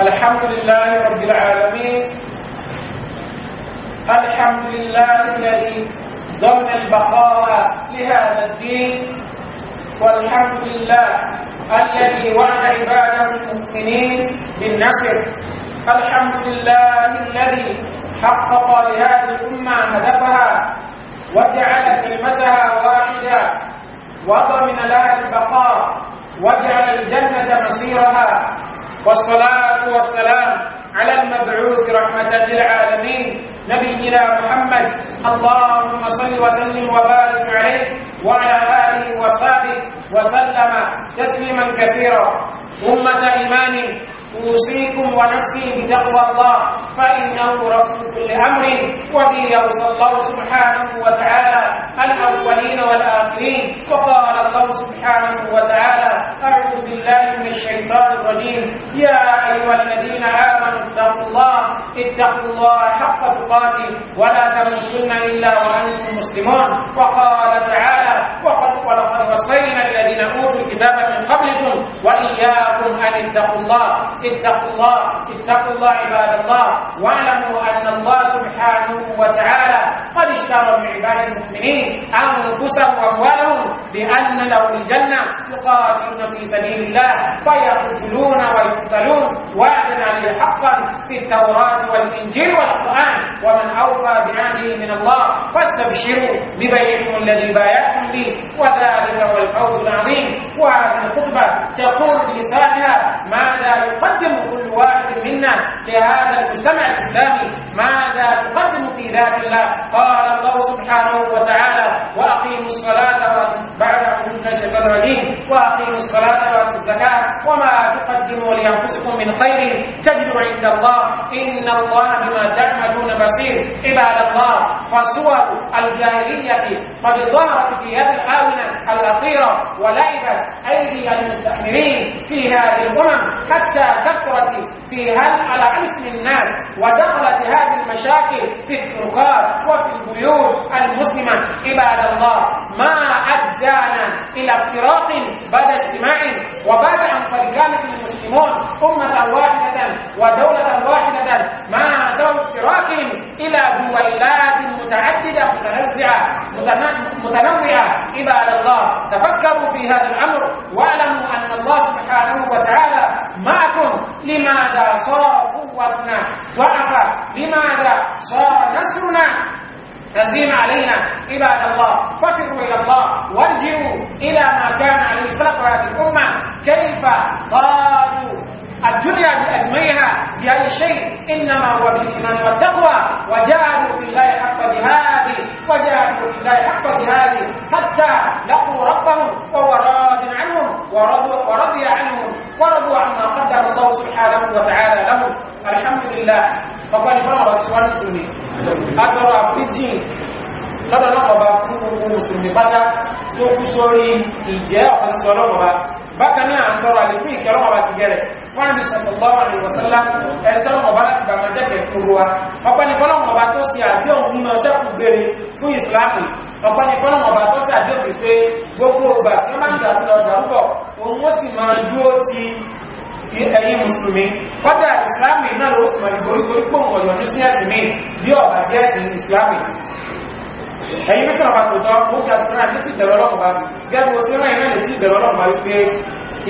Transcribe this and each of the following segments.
الحمد لله رب العالمين الحمد لله الذي ضمن البقاء لهذا الدين والحمد لله الذي وعد عباده المؤمنين بالنصر الحمد لله الذي حقق لهذه الأمة هدفها وجعل كلمتها واحدة وضمن لها البقاء وجعل الجنة مصيرها والصلاة والسلام على المبعوث رحمة للعالمين نبينا محمد اللهم صل وسلم وبارك عليه وعلى آله وصحبه وسلم تسليما كثيرا أمة إيمان أوصيكم ونفسي بتقوى الله فإنه رأس كل أمر وبه أوصى الله سبحانه وتعالى الأولين والآخرين وقال الله سبحانه وتعالى أعوذ بالله من الشيطان الرجيم يا أيها الذين آمنوا اتقوا الله اتقوا الله حق تقاته ولا تموتن إلا وأنتم مسلمون وقال تعالى ولقد وصينا الذين أوتوا الكتاب من قبلكم وإياكم أن اتقوا الله اتقوا الله اتقوا الله عباد الله واعلموا أن الله سبحانه وتعالى قد اشترى من عباد المؤمنين أنفسهم وأموالهم بأن لهم الجنة يقاتلون في سبيل الله فيقتلون ويقتلون وعدا عليه حقا في التوراة والإنجيل والقرآن ومن أوفى بعهده من الله فاستبشروا ببيعكم الذي بايعتم به وذلك هو الفوز العظيم وهذه الخطبة تقول بلسانها ماذا يقدم يقدم كل واحد منا لهذا المجتمع الإسلامي ماذا تقدم في ذات الله قال الله سبحانه وتعالى وأقيموا الصلاة بعد حدود نشاط الرجيم وأقيموا الصلاة وأتوا الزكاة وما تقدموا لأنفسكم من خير تجدوا عند الله إن الله بما تعملون بصير عباد الله فصور الجاهلية قد ظهرت في هذه الآونة الأخيرة ولعبت أيدي المستعمرين في هذه الأمم حتى Gracias في على حسن الناس ودخلت هذه المشاكل في الطرقات وفي البيوت المسلمة عباد الله ما أدانا إلى افتراق بعد اجتماع وبعد أن قد كانت المسلمون أمة واحدة ودولة واحدة ما سوى افتراق إلى دويلات متعددة متنزعة متنوعة عباد الله تفكروا في هذا الأمر واعلموا أن الله سبحانه وتعالى معكم لماذا لماذا صار قوتنا ضعفا لماذا صار نسلنا هزيم علينا عباد الله ففروا الى الله وارجعوا الى ما كان عليه سلف هذه الامه كيف قالوا الدنيا باجمعها باي شيء انما هو بالايمان والتقوى وجاهدوا في الله حق جهاده وجاهدوا في الله حق جهاده حتى لقوا ربهم وهو راض عنهم ورضوا ورضي عنهم ورضوا عما قدم الله سبحانه alhamdulillah ọ̀pá ní fọ́nà ọ̀tí wọ́n tún ní àtọrọ àfíjìn lọ́dọ̀ náà ọba fún gbogbo mùsùlùmí pátá tó kú sórí ìjẹ́ ọ̀pọ̀ sí ọlọ́mọba bákan náà à ń tọrọ àlékún ìkẹrọ ọba ti gẹrẹ fún àbí sallallahu alaihi wasallam ẹ̀tọ́ ọba láti bàmà jẹ́kẹ̀ kúrò wa ọ̀pọ̀ ní fọ́nà ọba tó sì àdéhùn nínú ọṣẹ́ kù gbére fún ìsìláàmù ọ̀pọ̀ ní fọ́nà ọba tó sì kọ́dà ìsìláàmì náà ló ti mọ̀lẹ̀ borí torí pòun ọ̀yọ̀ ní sí ẹ̀sìn mi bí ọ̀bà jẹ́ ẹ̀sìn ìsìláàmì ẹ̀yin bí sọ̀rọ̀ bá tòótọ́ mú kí asùnmọ́ àti ti bẹ̀rẹ̀ ọlọ́run bá gẹ́gẹ́ bó ṣe rán iná lè ti bẹ̀rẹ̀ ọlọ́run bá wípé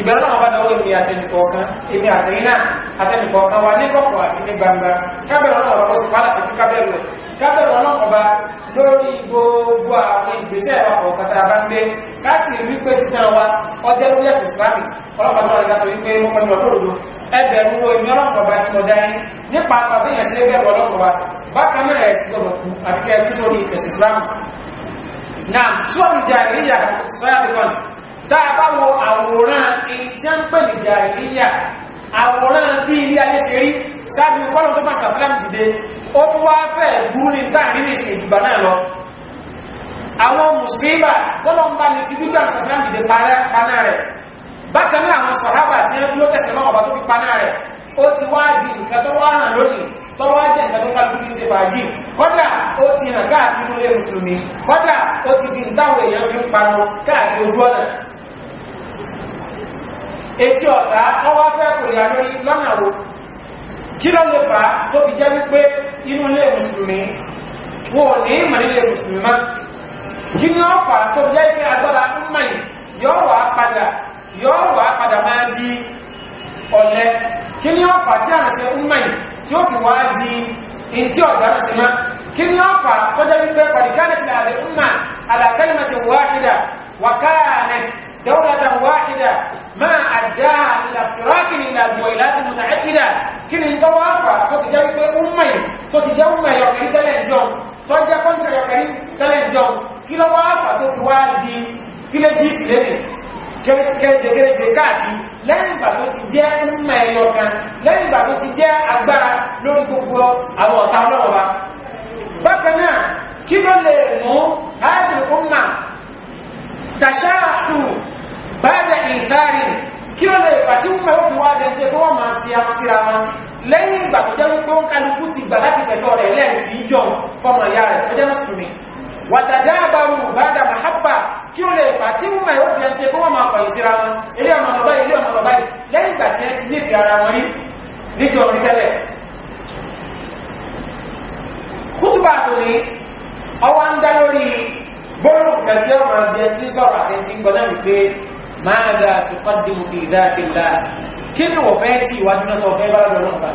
ìbẹ̀rẹ̀ ọlọ́run bá dọwọ́ èmi àtẹnìkọ̀ kan èmi àtẹ̀yìn náà àtẹnìkọ̀ kan wa ní kọ̀kọ̀ àti ní gbangba kábẹ̀rẹ̀ ọlọ́run bá kó sì pálásì fún lórí gbogbo àwọn ìgbésẹ̀ ọkọ̀ kata bá ń gbé káàsì wípé títàn wa ọjọ́ lórí ẹ̀sìn ìsìlámì ọlọ́pàá tó wà nígbà wípé wọ́n pẹ̀lú ọ̀tọ́ òdo ẹbẹ̀rún wo ìmọ̀ ọlọ́pàá bá ti mọ̀ dání nípa àpàbí yẹn sí ẹgbẹ́ ọlọ́pàá bákan náà ẹ̀ ti gbọ́dọ̀ kú àbíkẹ́ ẹbí sórí ẹ̀sìn Islam náà sọ́ọ̀bì jàìríyà sọ́yàbíkan tá a bá wo àwòrán ìjẹ́ ń pè ní jàìríyà àwòrán bí ilé ayé ṣe rí ṣáàbí kọ́lọ̀ tó bá sàfílàm dìde ó tún wá fẹ́ burú ní táàrí ní ìsìn ìjùbà náà lọ àwọn mùsíbà kọ́lọ̀ ń bá ní fi gbígbà sàfílàm dìde parẹ́ kaná rẹ̀ bákan náà àwọn sọ̀hábà tí wọ́n tẹ̀sẹ̀ náà ọba tó fi paná rẹ̀ ó ti wá di nǹkan tó wá hàn lónìí tó wá jẹ́ nǹkan tó kálukú ní ṣe fàájì kọ́dà ó ti hàn káàkiri inú ilé mùsùlùmí kọ́dà ó ti di ntáwọn èèyàn fi ń panu káàkiri ojú ọ̀nà etí ọ̀tá ọwọ́ fẹ́ kò yà lórí lọ́nà wo kí ló lè fà á tó fi jẹ́ wípé inú ilé mùsùlùmí wọn ò ní ìmọ̀ nílé mùsùlùmí mọ́ kí ni ó fà á tó fi jẹ́ wípé agbára ń mọ̀ yìí yọ wà á yóò wà padà máa di ọ̀lẹ kí ni ọ̀fà tí a nàṣẹ ummani tí ó fi wá di in tí ọ̀gá nàṣẹ má kí ni ọ̀fà tó jẹ́ wípé kọ̀dìkánẹ̀tì àti umma alakalimati wahida wakanet دولة واحدة ما أداها إلى افتراق إلى الويلات المتعددة كن انتوافى تتجاوب أمي تتجاوب يوكري تلنجون تتجاوب يوكري تلنجون كلا وافى تتوازي في لجيس لني kẹrẹkẹrẹkẹrẹkẹrẹ káàkiri lẹ́yìn ìgbà tó ti jẹ́ mímọ̀ ẹ̀yọ kan lẹ́yìn ìgbà tó ti jẹ́ agbára lórí gbogbo àwọn ọ̀tá ọlọ́run wa bákan náà kí ló lè mú áàdùn ọmọ tàṣáàtù báyà ìsáàrì kí ló lè fà tí wọ́n fi wá dẹ́jẹ́ tó wọ́n máa ṣe àkúsíra wọn lẹ́yìn ìgbà tó jẹ́ wípé ó ń kálukú ti gbà láti fẹ̀tọ́ rẹ̀ lẹ́yìn ìjọ fọmọ ìyá rẹ̀ tó jẹ́ mùsùlùmí wàtàdáàbàrù bàdà màhábà kí ó lè fà tí wọ́n máa yóò fi ẹntẹ́ kó wọ́n máa kọ̀yìn síra wọn ilé ọ̀nà ọ̀nà báyìí ilé ọ̀nà ọ̀nà báyìí lẹ́yìn ìgbà tí ẹ ti ní fi ara wọn rí nígbà orin tẹ́lẹ̀ kútùbà tó ní ọwọ́ ń dá lórí gbọ́rọ̀ kẹsí ọmọ ẹgbẹ́ tí sọ̀rọ̀ àti ti gbọ́dọ̀ ní pé máa dà tó kọ́ dìmú fi ìdá àti ìlà kí ni wọ́n fẹ́ tí ìwájú náà tó fẹ́ bá lọ́dọ̀ náà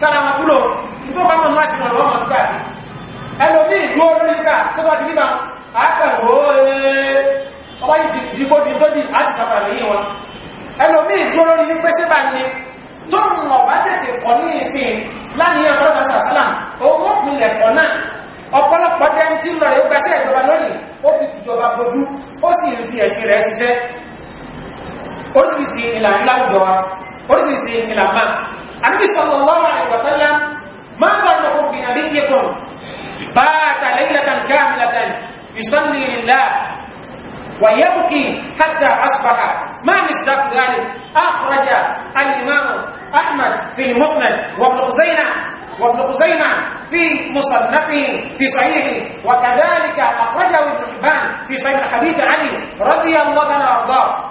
sára wọn kúlò nítorí bá wọn máṣe wọn lọ́wọ́ túkà sí ẹlòmí ìlú olóríkà tó bá ti níbà àákàrò ọba yìí ti dìbò di tóbi á sì sábà lóyìn wọn ẹlòmí ìlú olórí ní pé sébà ni tó ń wọ̀ bá tètè kọ́ ní ìsìn láàrin ẹ̀kọ́ lọ́sà sálà owó pinlẹ̀ kọ́ náà ọ̀pọ̀lọpọ̀ dẹ́ntì lọ rẹ̀ gbẹ́sẹ̀ ìjọba lónìí ó fi tìjọba bojú ó sì ń fi ẹ̀sìn rẹ̀ ṣiṣẹ́ oríṣiríṣi ìlànà láwùjọ wa oríṣiríṣi ìlànà النبي صلى الله عليه وسلم ما ظنكم بنبيكم بات ليلة كاملة يصلي لله ويبكي حتى أصبح ما مصداق ذلك أخرج الإمام أحمد في المسند وابن خزيمة وابن خزيمة في مصنفه في صحيحه وكذلك أخرجه ابن حبان في صحيح حديث علي رضي الله عنه وأرضاه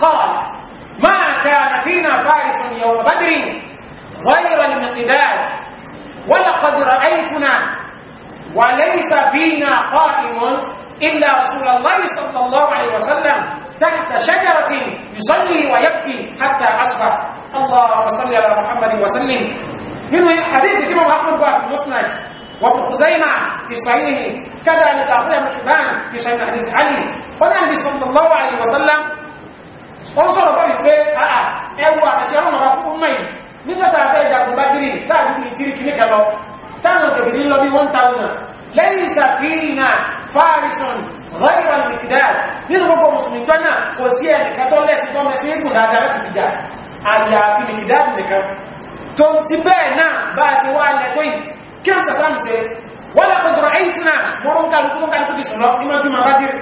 قال ما كان فينا فارس يوم بدر غير المقداد ولقد رأيتنا وليس فينا قائم إلا رسول الله صلى الله عليه وسلم تحت شجرة يصلي ويبكي حتى أصبح اللهم صل على محمد وسلم من حديث كما أحمد في المسند وابن خزيمة في صحيحه كذلك أخرجه ابن حبان في صحيح حديث علي قال النبي صلى الله عليه وسلم wọ́n sọ̀rọ̀ bá wípé àà ẹwọ àtàṣẹ ọmọ ọba fún mẹ́yìn nígbàtà àtẹ́ ìjàgùn bá dìrì táàdì ní dìrì kìíní kẹlọ táàdì òkè ní lọ bí 1000 lẹ́yìn ìsàfihàn fáàrìsàn rọ́ìrà nìkìdá nínú gbogbo mùsùlùmí tó náà kò sí ẹnìkan tó lẹ́sìn tó mẹ́sìn ìdùn dáadáa láti fi jà àyàfi nìkìdá nìkan tó ti bẹ́ẹ̀ náà bá a ṣe wá alẹ́ tó yìí kí a sàṣà mi ṣe wọ́n lọ gbọdọ̀ ẹ̀yìn náà mo rún kálukú mo kálukú ti sùn lọ níwájú màá bá dìrì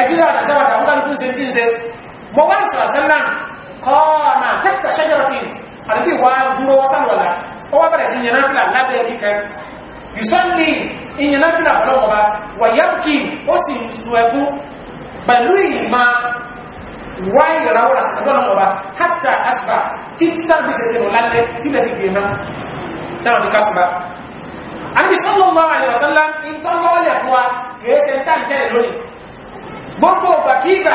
ẹ̀jú yóò àtàṣẹ́wàdà mo kálukú ṣe ti ń ṣe mọ̀wọ́n sàrásánlá kọ́ọ̀nà tẹ́kà ṣẹ́jọ́rọ̀tì àdúgbì wá dúró wọ́sánlọ́lá ó wá bẹ̀rẹ̀ sí ìyẹnáfìlà lábẹ́ kíkẹ́ yùsọ́lì ìyẹnáfìlà ọlọ́wọ́ba wàyáǹkì ó sì ń sun ẹkún pẹ̀lú ìmá wá ìràwọ̀ àsìkọ́lọ́wọ́ba hátà àṣìbà tí títàbí sẹ̀sẹ̀ lálẹ́ tí lẹ́sì gbé náà táwọn ní kásìbà àdúgbì sallallahu alaihi wasallam ń tọ́lọ́ọ̀lẹ̀ fún wa kìí ṣe ń tàbí tẹ́lẹ̀ gbogbo ọgbà kígbà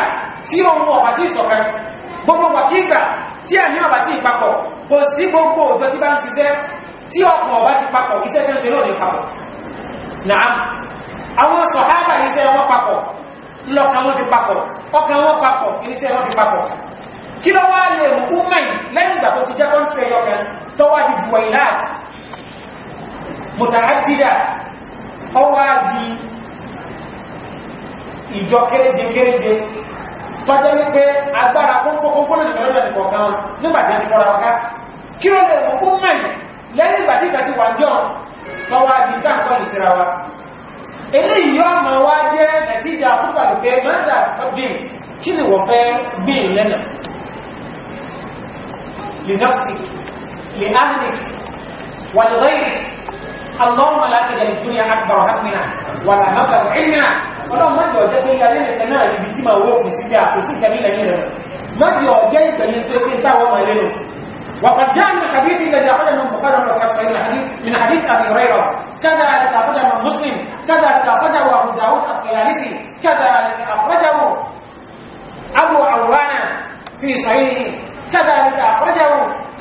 tí ohun ọ̀bà tí ìsọ̀kan gbogbo wà kí ìgbà tí àní ọ̀bà tí ìpapọ̀ kò sí gbogbo òjò tí bá ń ṣiṣẹ́ tí ọkọ̀ ọ̀bà ti papọ̀ iṣẹ́ tí ó ṣe náà ní papọ̀ náà àwọn sọ̀hábà iṣẹ́ wọn papọ̀ lọ́kàn wọn fi papọ̀ ọkàn wọn papọ̀ kí ló wá lè mú mẹ́yìn lẹ́yìn ìgbà tó ti jẹ́ kọ́ńtì ẹ̀yọ kan tó wá di juwa ilat mùtàádìdà ọwá di ìjọ kéréje kéréje tọ́jọ́ wípé agbára kókókókó lè lọ́dọ̀ lọ́dọ̀ nìkọ̀ọ̀kan nígbà tí a ti kọ́ra ọ̀ká kí ó lè mú mẹ́rin lẹ́yìn ìgbà tí ìgbàtí wà jọ tọwọ́ àti káàkọ́ ìsira wa eléyìí yọ لنفسك لأهلك ولغيرك اللهم لا تجعل الدنيا ولا مبلغ علمنا ọlọ́run májì ọjẹ́ pé ilé nìkan náà níbi tí máa wó fún sí bí àkóso ìkẹ́mí lẹ́yìn rẹ̀ májì ọjẹ́ ìgbẹ̀yìn tó pé táwọn ọmọ ẹlẹ́nu وقد جاء من الحديث الذي أخرجه من من حديث أبي هريرة كذلك أخرجه مسلم كذلك أخرجه أبو داود الطيالسي كذلك أخرجه أبو عوانة في صحيحه كذلك أخرجه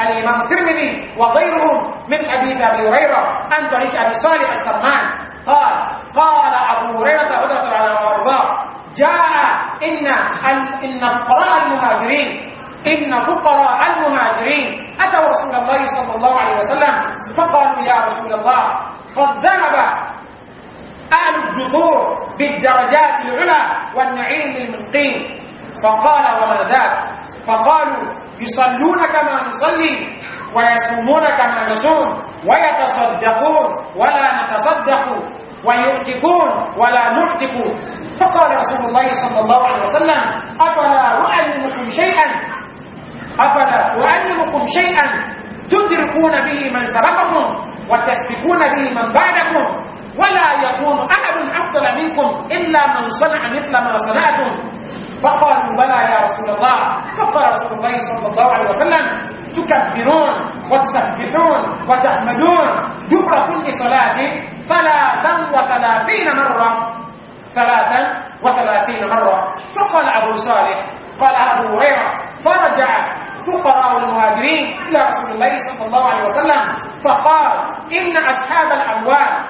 الإمام الترمذي وغيرهم من حديث أبي هريرة عن طريق أبي صالح السمان قال قال أبو هريرة رضي الله عنه وأرضاه جاء إن إن فقراء المهاجرين إن فقراء المهاجرين أتوا رسول الله صلى الله عليه وسلم فقالوا يا رسول الله قد ذهب أهل الدثور بالدرجات العلى والنعيم المقيم فقال وما ذاك فقالوا يصلون كما نصلي ويصومون كما نصوم ويتصدقون ولا نتصدق ويؤتكون ولا نؤتك فقال رسول الله صلى الله عليه وسلم أفلا أعلمكم شيئا أفلا أعلمكم شيئا تدركون به من سبقكم وتسبقون به من بعدكم ولا يكون أحد أفضل منكم إلا من صنع مثل ما صنعتم فقالوا بلى يا رسول الله فقال رسول الله صلى الله عليه وسلم تكبرون وتسبحون وتحمدون دبر كل صلاة ثلاثا وثلاثين مرة ثلاثا وثلاثين مرة فقال أبو صالح قال أبو هريرة فرجع فقراء المهاجرين إلى رسول الله صلى الله عليه وسلم فقال إن أصحاب الأموال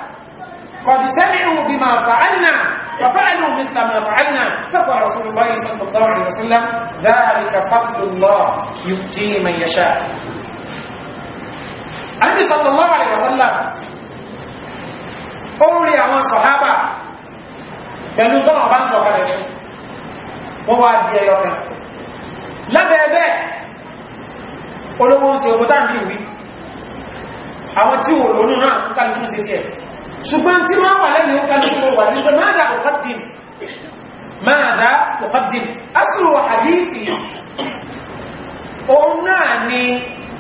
قد سمعوا بما فعلنا ففعلوا مثل ما فعلنا فقال رسول الله صلى الله عليه وسلم ذلك فضل الله يؤتيه من يشاء àníbi sallallahu alaihi wasallam ó ń rí àwọn sàhábà pẹ̀lú tọ́nà ọba ń sọ̀kalẹ̀ fún wọ́n wá di ẹyọ kan lábẹ́ ẹbẹ́ olówó ń ṣe ọgbọ́ta ń wí àwọn tí wò lónú náà ń kálukú ṣe tiẹ̀ ṣùgbọ́n tí máa wà lẹ́yìn ń kálukú wà nígbà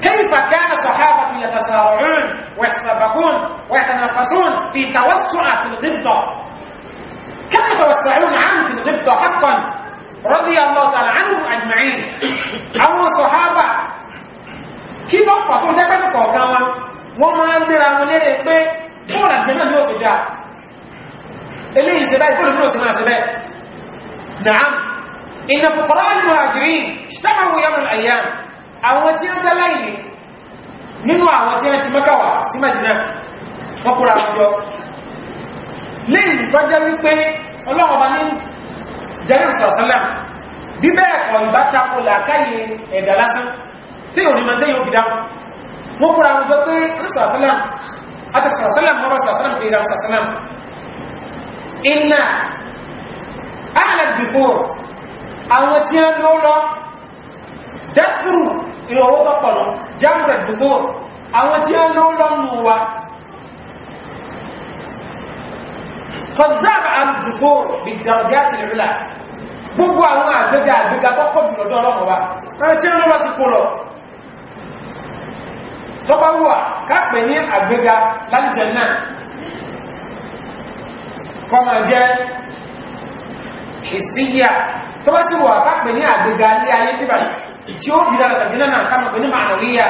كيف كان الصحابة يتسارعون ويتسابقون ويتنافسون في توسع في الغبطة كم يتوسعون عنه في الغبطة حقا رضي الله تعالى عنهم أجمعين أو الصحابة كيف أفضل ذلك كوكاوا وما أنزل من يريد bóòlù àjẹ́mà ní òsì dáa كل فلوس báyìí bóòlù نعم إن فقراء المهاجرين اجتمعوا يوم ìnàfùkọ́rọ̀ alìmọ̀ àwọn tí ó dáláì ní nínú àwọn tí ó ti mọ́kàwà sí Mẹ́dínà wọ́n kúra àwùjọ lẹ́yìn tó jẹ́ wípé ọlọ́ọ̀bá ní jẹ́rìn sọ̀sánlá bí bẹ́ẹ̀ kọ̀ ìbá tako làkáyè ẹ̀dà lásán tí ò ní mọ́ tẹ́yìn òbí dáhùn wọ́n kúra àwùjọ pé sọ̀sánlá àti sọ̀sánlá mọ́rọ̀ sọ̀sánlá pé ìrà àwọn tí ó lọ́ọ́ dẹ́fúrù ìrọ̀wọ́ tọ́pọ̀nà jamret before àwọn tí ó ń lọ lọ́nà wa kọ̀dáàbà àdùfòrò bí dàrọ̀dá ti rí là gbogbo àwọn àgbéga àgbéga tọ́pọ̀ jùlọ dọ́rọ̀ wa ẹni tí ó lọ́rọ̀ ti kò lọ tọ́pọ̀ wà káàpẹ̀ ní àgbéga lálìjẹ̀ náà kọmọ jẹ́ ìsíyà tọ́pọ̀ sí wà káàpẹ̀ ní àgbéga ilé ayé níbàjẹ́ tí ó bí dára tàbí náà kánà pẹ̀lú mànàríyà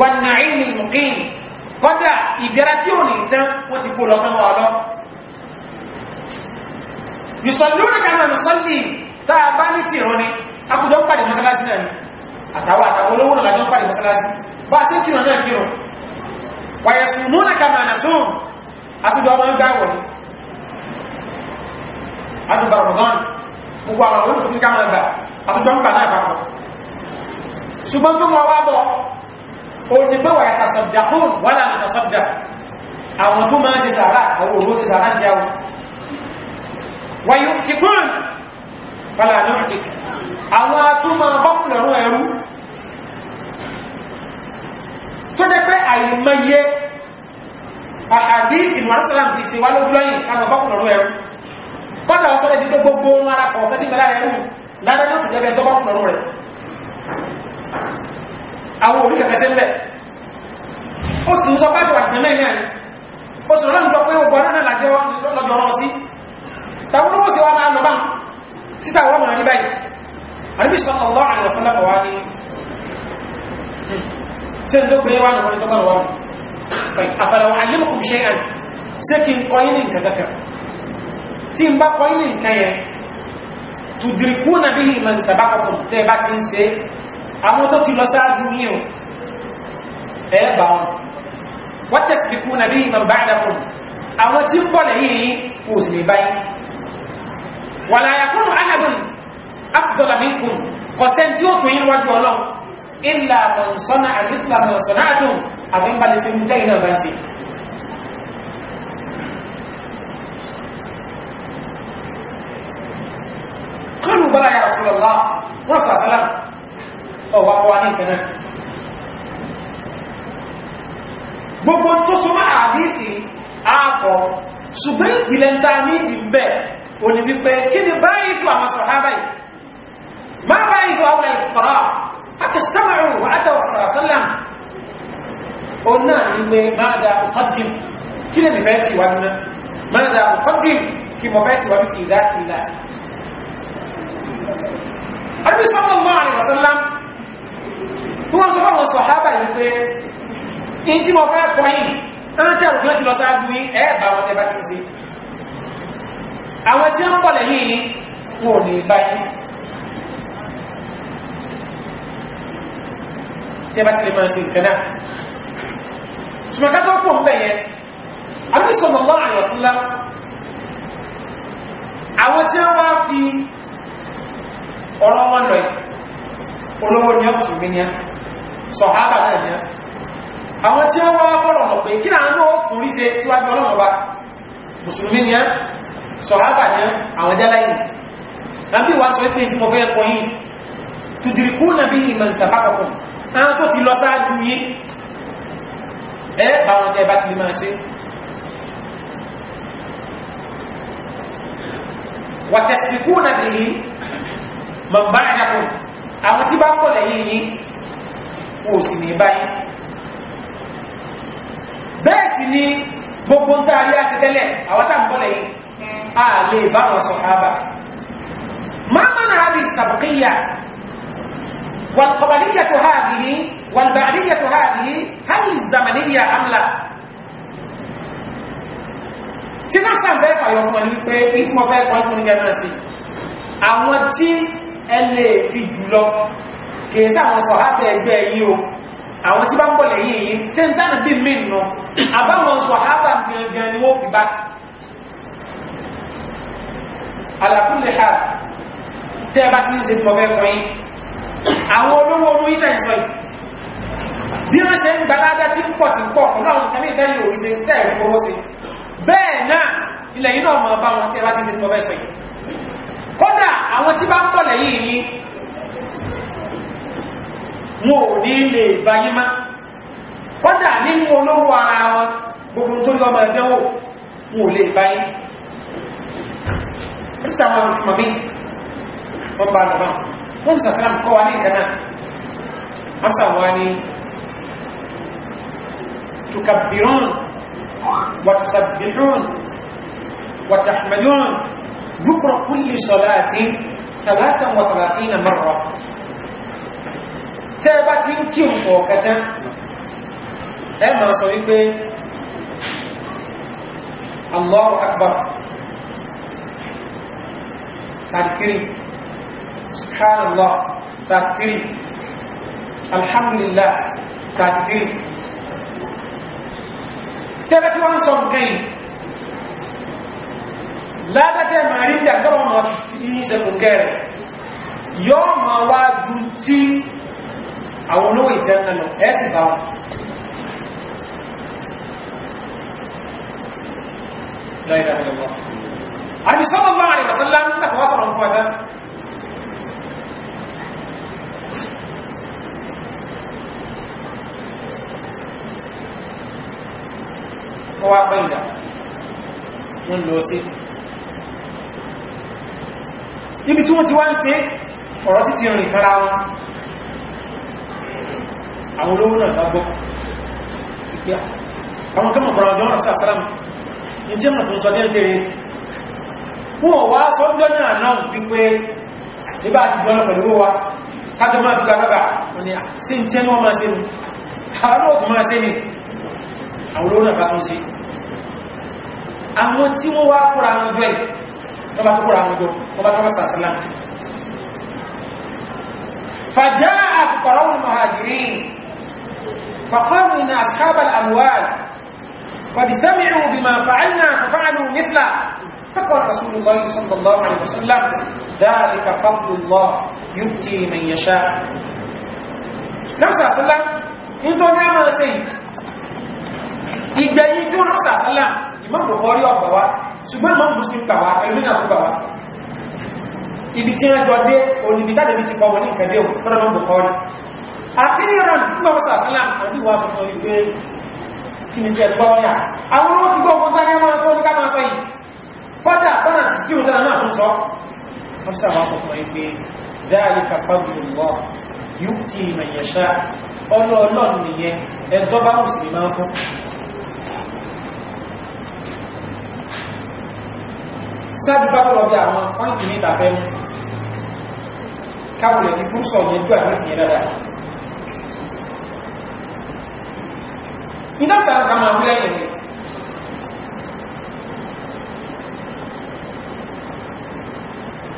wà nàí ní mùkín kọjá ìdẹ́ra tí ó ní tán wọ́n ti kó lọ́mọ́ wọn lọ ìsọ̀lú ní kánà nìsọ́lì tá a bá ní ti rán ni akùjọ ń pàdé mọ́sálásí náà ni àtàwọn àtàwọn olówó náà ń pàdé mọ́sálásí bá a sí kírun náà kírun wàyẹ̀sùn múnà kánà nàsùn àtúgbà ọmọ ń gbáwọ̀ ni àtúgbà rọ̀gán gbogbo àwọn olóòtú ní kánà gbà àtújọ́ ń gbà náà bá fún ṣùgbọ́n tó mọ wá bọ̀ ó ní pé wàá tasọ̀dà hún wọ́n náà tasọ̀dà àwọn tó máa ń ṣe sàrà àwọn òwò ṣe sàrà ń jẹ́ wọn wàyí ti kún bala ní ọ̀tí àwọn atúmọ̀ bọ́kùnrin ẹrú tó jẹ́ pé àìmọye àkàdí ìmọ̀sílám ti ṣe wá lójú ẹ̀yìn àwọn bọ́kùnrin ẹrú ẹrú lára yóò sì jẹ́ bẹ́ẹ̀ tó bá kùnà rú rẹ̀ àwọn orí kẹ̀kẹ́ sí ńlẹ̀ ó sì ń sọ pàtó àjẹ́ náà náà ó sì rọ́nà sọ pé ogun náà lájọ́ lọ́jọ́ rán sí tàbí ó sì wá máa lọ bá títà wọ́n mọ̀ ní báyìí àríbí sallallahu alaihi wasallam wà ní ń bá kọ́ yín ní tùdìrìkúnà bí i man sàbákọ̀kùn tẹ́ bá ti ń ṣe àwọn tó ti lọ sáájú yíò ẹ̀ẹ́bà wọn wọ́tẹ̀sìbìkúnà bí i man bá ìdàkùn àwọn tí ń bọ̀ lẹ́yìn yìí kò sì lè báyìí wà láyàkùn ahàdùn afdọ́là minkum kọ̀sẹ́ tí ó tó yín wájú ọlọ́run ilà mọ̀nsọ́nà àdìsílà mọ̀nsọ́nà àtùn àbẹ́ńbalẹ̀ sí mú tẹ́yìn náà bá ń ṣe illallah wọ́n sàásálà ọwà wà ní ìkẹ̀nà gbogbo tó súnmọ́ àdíìtì ààfọ́ ṣùgbọ́n ìpìlẹ̀ ń ta ní ìdìmbẹ̀ òní wípé kí ni báyìí fún àwọn sọ̀hábà yìí má báyìí fún àwọn ìfọ̀rọ̀ àtẹ̀sítẹ́mẹ̀rún àtẹ̀wọ̀ sọ̀rọ̀ sọ́lá ọ̀nà ìwé máa da ọ̀kọ́dìm kí ni mi fẹ́ tìwá nínú máa da ọ̀kọ́dìm kí mo fẹ́ tìwá bí kì í dá kì í láà àbí sallallahu alaihi wasallam bí wọ́n sọ fún àwọn sọ̀hábà yìí pé in tí mo fẹ́ kọ́ yìí ẹn tí àrùn láti lọ sáájú yìí ẹ bá wọn tẹ́bá tí ó sí àwọn tí wọ́n pọ̀lẹ̀ yìí ni wọn ò bá fi ọ̀rọ̀ wọn lọ olówó ní ọ̀sùnmí ní sọ̀hábà náà ní àwọn tí ó wá fọ́rọ̀ lọ pé kí náà náà kùnrí ṣe síwájú ọlọ́run bá mùsùlùmí ní sọ̀hábà ní àwọn jáláyìn nàbí wá sọ pé tí mo fẹ́ kọ yìí tùdìríkú nàbí ìmọ̀ ìsàbákọ̀kùn àwọn tó wàtẹ̀sìkú nàbí yìí man ba'dakum àwọn tí bá ń bọ̀ lẹ́yìn yìí wò sì ní báyìí bẹ́ẹ̀ sì ni gbogbo ń tá a rí àṣẹ tẹ́lẹ̀ àwọn tá ń a lè bá wọn sàhábà máa mọ́ náà bí sàbùkíyà والقبلية هذه والبعدية هذه هل الزمنية أم لا tí náà sàbẹ́ fàyọ fún ẹni pé ìtumọ̀ fẹ́ kọ́ fún ẹgbẹ́ sí àwọn tí ẹlẹ́ fi jùlọ kèèsà àwọn sọ̀hábẹ̀ ẹgbẹ́ yí o àwọn tí bá ń bọ̀ lẹ́yìn yìí ṣe ń tánà bí mìíràn àbáwọn sọ̀hábà gangan ni wọ́n fi bá alákùnlẹ̀ ha tẹ́ bá ti ń ṣe mọ̀mẹ́kùn yìí àwọn olówó orí ìtẹ̀sọ̀ yìí bí wọ́n ṣe ń gbaládá tí ń pọ̀ tí ń pọ̀ pẹ̀lú àwọn kẹ́lẹ́ ìtẹ́lẹ̀ òrí ṣe tẹ́ẹ̀rí fowó sí bẹ́ẹ̀ náà kódà àwọn tí bá ń bọ̀ lẹ́yìn yìí wọn ò ní lè báyí má kódà nínú olówó ara wọn gbogbo tó lọ́mọ ẹ̀dẹ́wò wọn ò lè báyí rísà wọn túnmọ̀ wọ́n bá lọ́mọ wọ́n sàsánà kọ́ wa ní ìkànnà wọ́n sàwọn ní tukabbirun wàtàsàbìrún wàtàhmàdún ذكر كل صلاة ثلاثا وثلاثين مرة تابت كم فوقتا أما صويب الله أكبر تكتري سبحان الله تكتري الحمد لله تكتري تابت وانصر كين ládàtẹ́ ma rí bí àgbọ́rọ̀ ọmọ ìṣẹ̀kùnkẹ́ rẹ̀ yọ́ ma wá ju tí àwọn olówó ìjẹ́nà lọ ẹ̀sì bá wọn láìdáwọ̀ àbí sallallahu alaihi wasallam láti wá sọ̀rọ̀ fún ọjọ́ wọ́n wá pẹ́ ìdá wọ́n lọ sí níbi tí wọ́n ti wá ń ṣe ọ̀rọ̀ títí rìn kára wọn àwọn olówó náà bá gbọ́ ìpẹ́ àwọn kọmọ̀ bọ̀rọ̀ ọjọ́ ọ̀rọ̀ sàásàràm ní tí mọ̀ tó ń sọ jẹ́ ìṣẹ́rẹ́ wọ́n wá sọ jọ́nà náà wípé nígbà àti jọ́nà pẹ̀lú wa kájọ máa fi gbàgbà wọn ni náà tọ́bá tó kúrò àwọn tọ́bá tọ́bá sàásánà fàjá àfùkọ̀rọ̀wùn mọ̀hàjírí fàkọ́rù ní àṣíkábàl alwáàl kọ̀dì sẹ́mìí bí ma fa'alna fa'alù mithla فقال رسول الله صلى الله عليه وسلم ذلك فضل الله يؤتي من يشاء نفس صلى الله عليه وسلم ìgbẹ̀yìn tí ó rọ́sà sálàm ìmọ́ bùkọ́rí ọ̀gbọ̀wá ṣùgbọ́n ìmọ̀ muslim kàwà ẹlùmínà fún bàbá ibi tí wọ́n jọ dé olùbítàdé bí ti kọ́ wọ́n ní ìkẹ́dẹ́ òfúrọ́dọ̀ bukọ́rí àti ìran gbọ́gbọ́sà sílá àbí wà fún ọ̀rọ̀ ìgbé kìnnìkẹ́ gbọ́ọ̀yà àwọn olóò ti gbọ́gbọ́ sáré wọn tó ń ká máa sọ yìí kọ́dà tọ́nà sí kí òun tọ́nà náà tún sọ ọ̀sà wà fún ọ̀rọ̀ ìgbé dáàlì kàfàbùrù ṣáàjú bá tọ́lọ bí àwọn pọ́ìntì ní ìtàfẹ́ mú káwùlẹ̀ ní púrúsọ̀ yẹn tó àti ìyẹn dáadáa nígbà sáà ká máa wílẹ̀ yẹn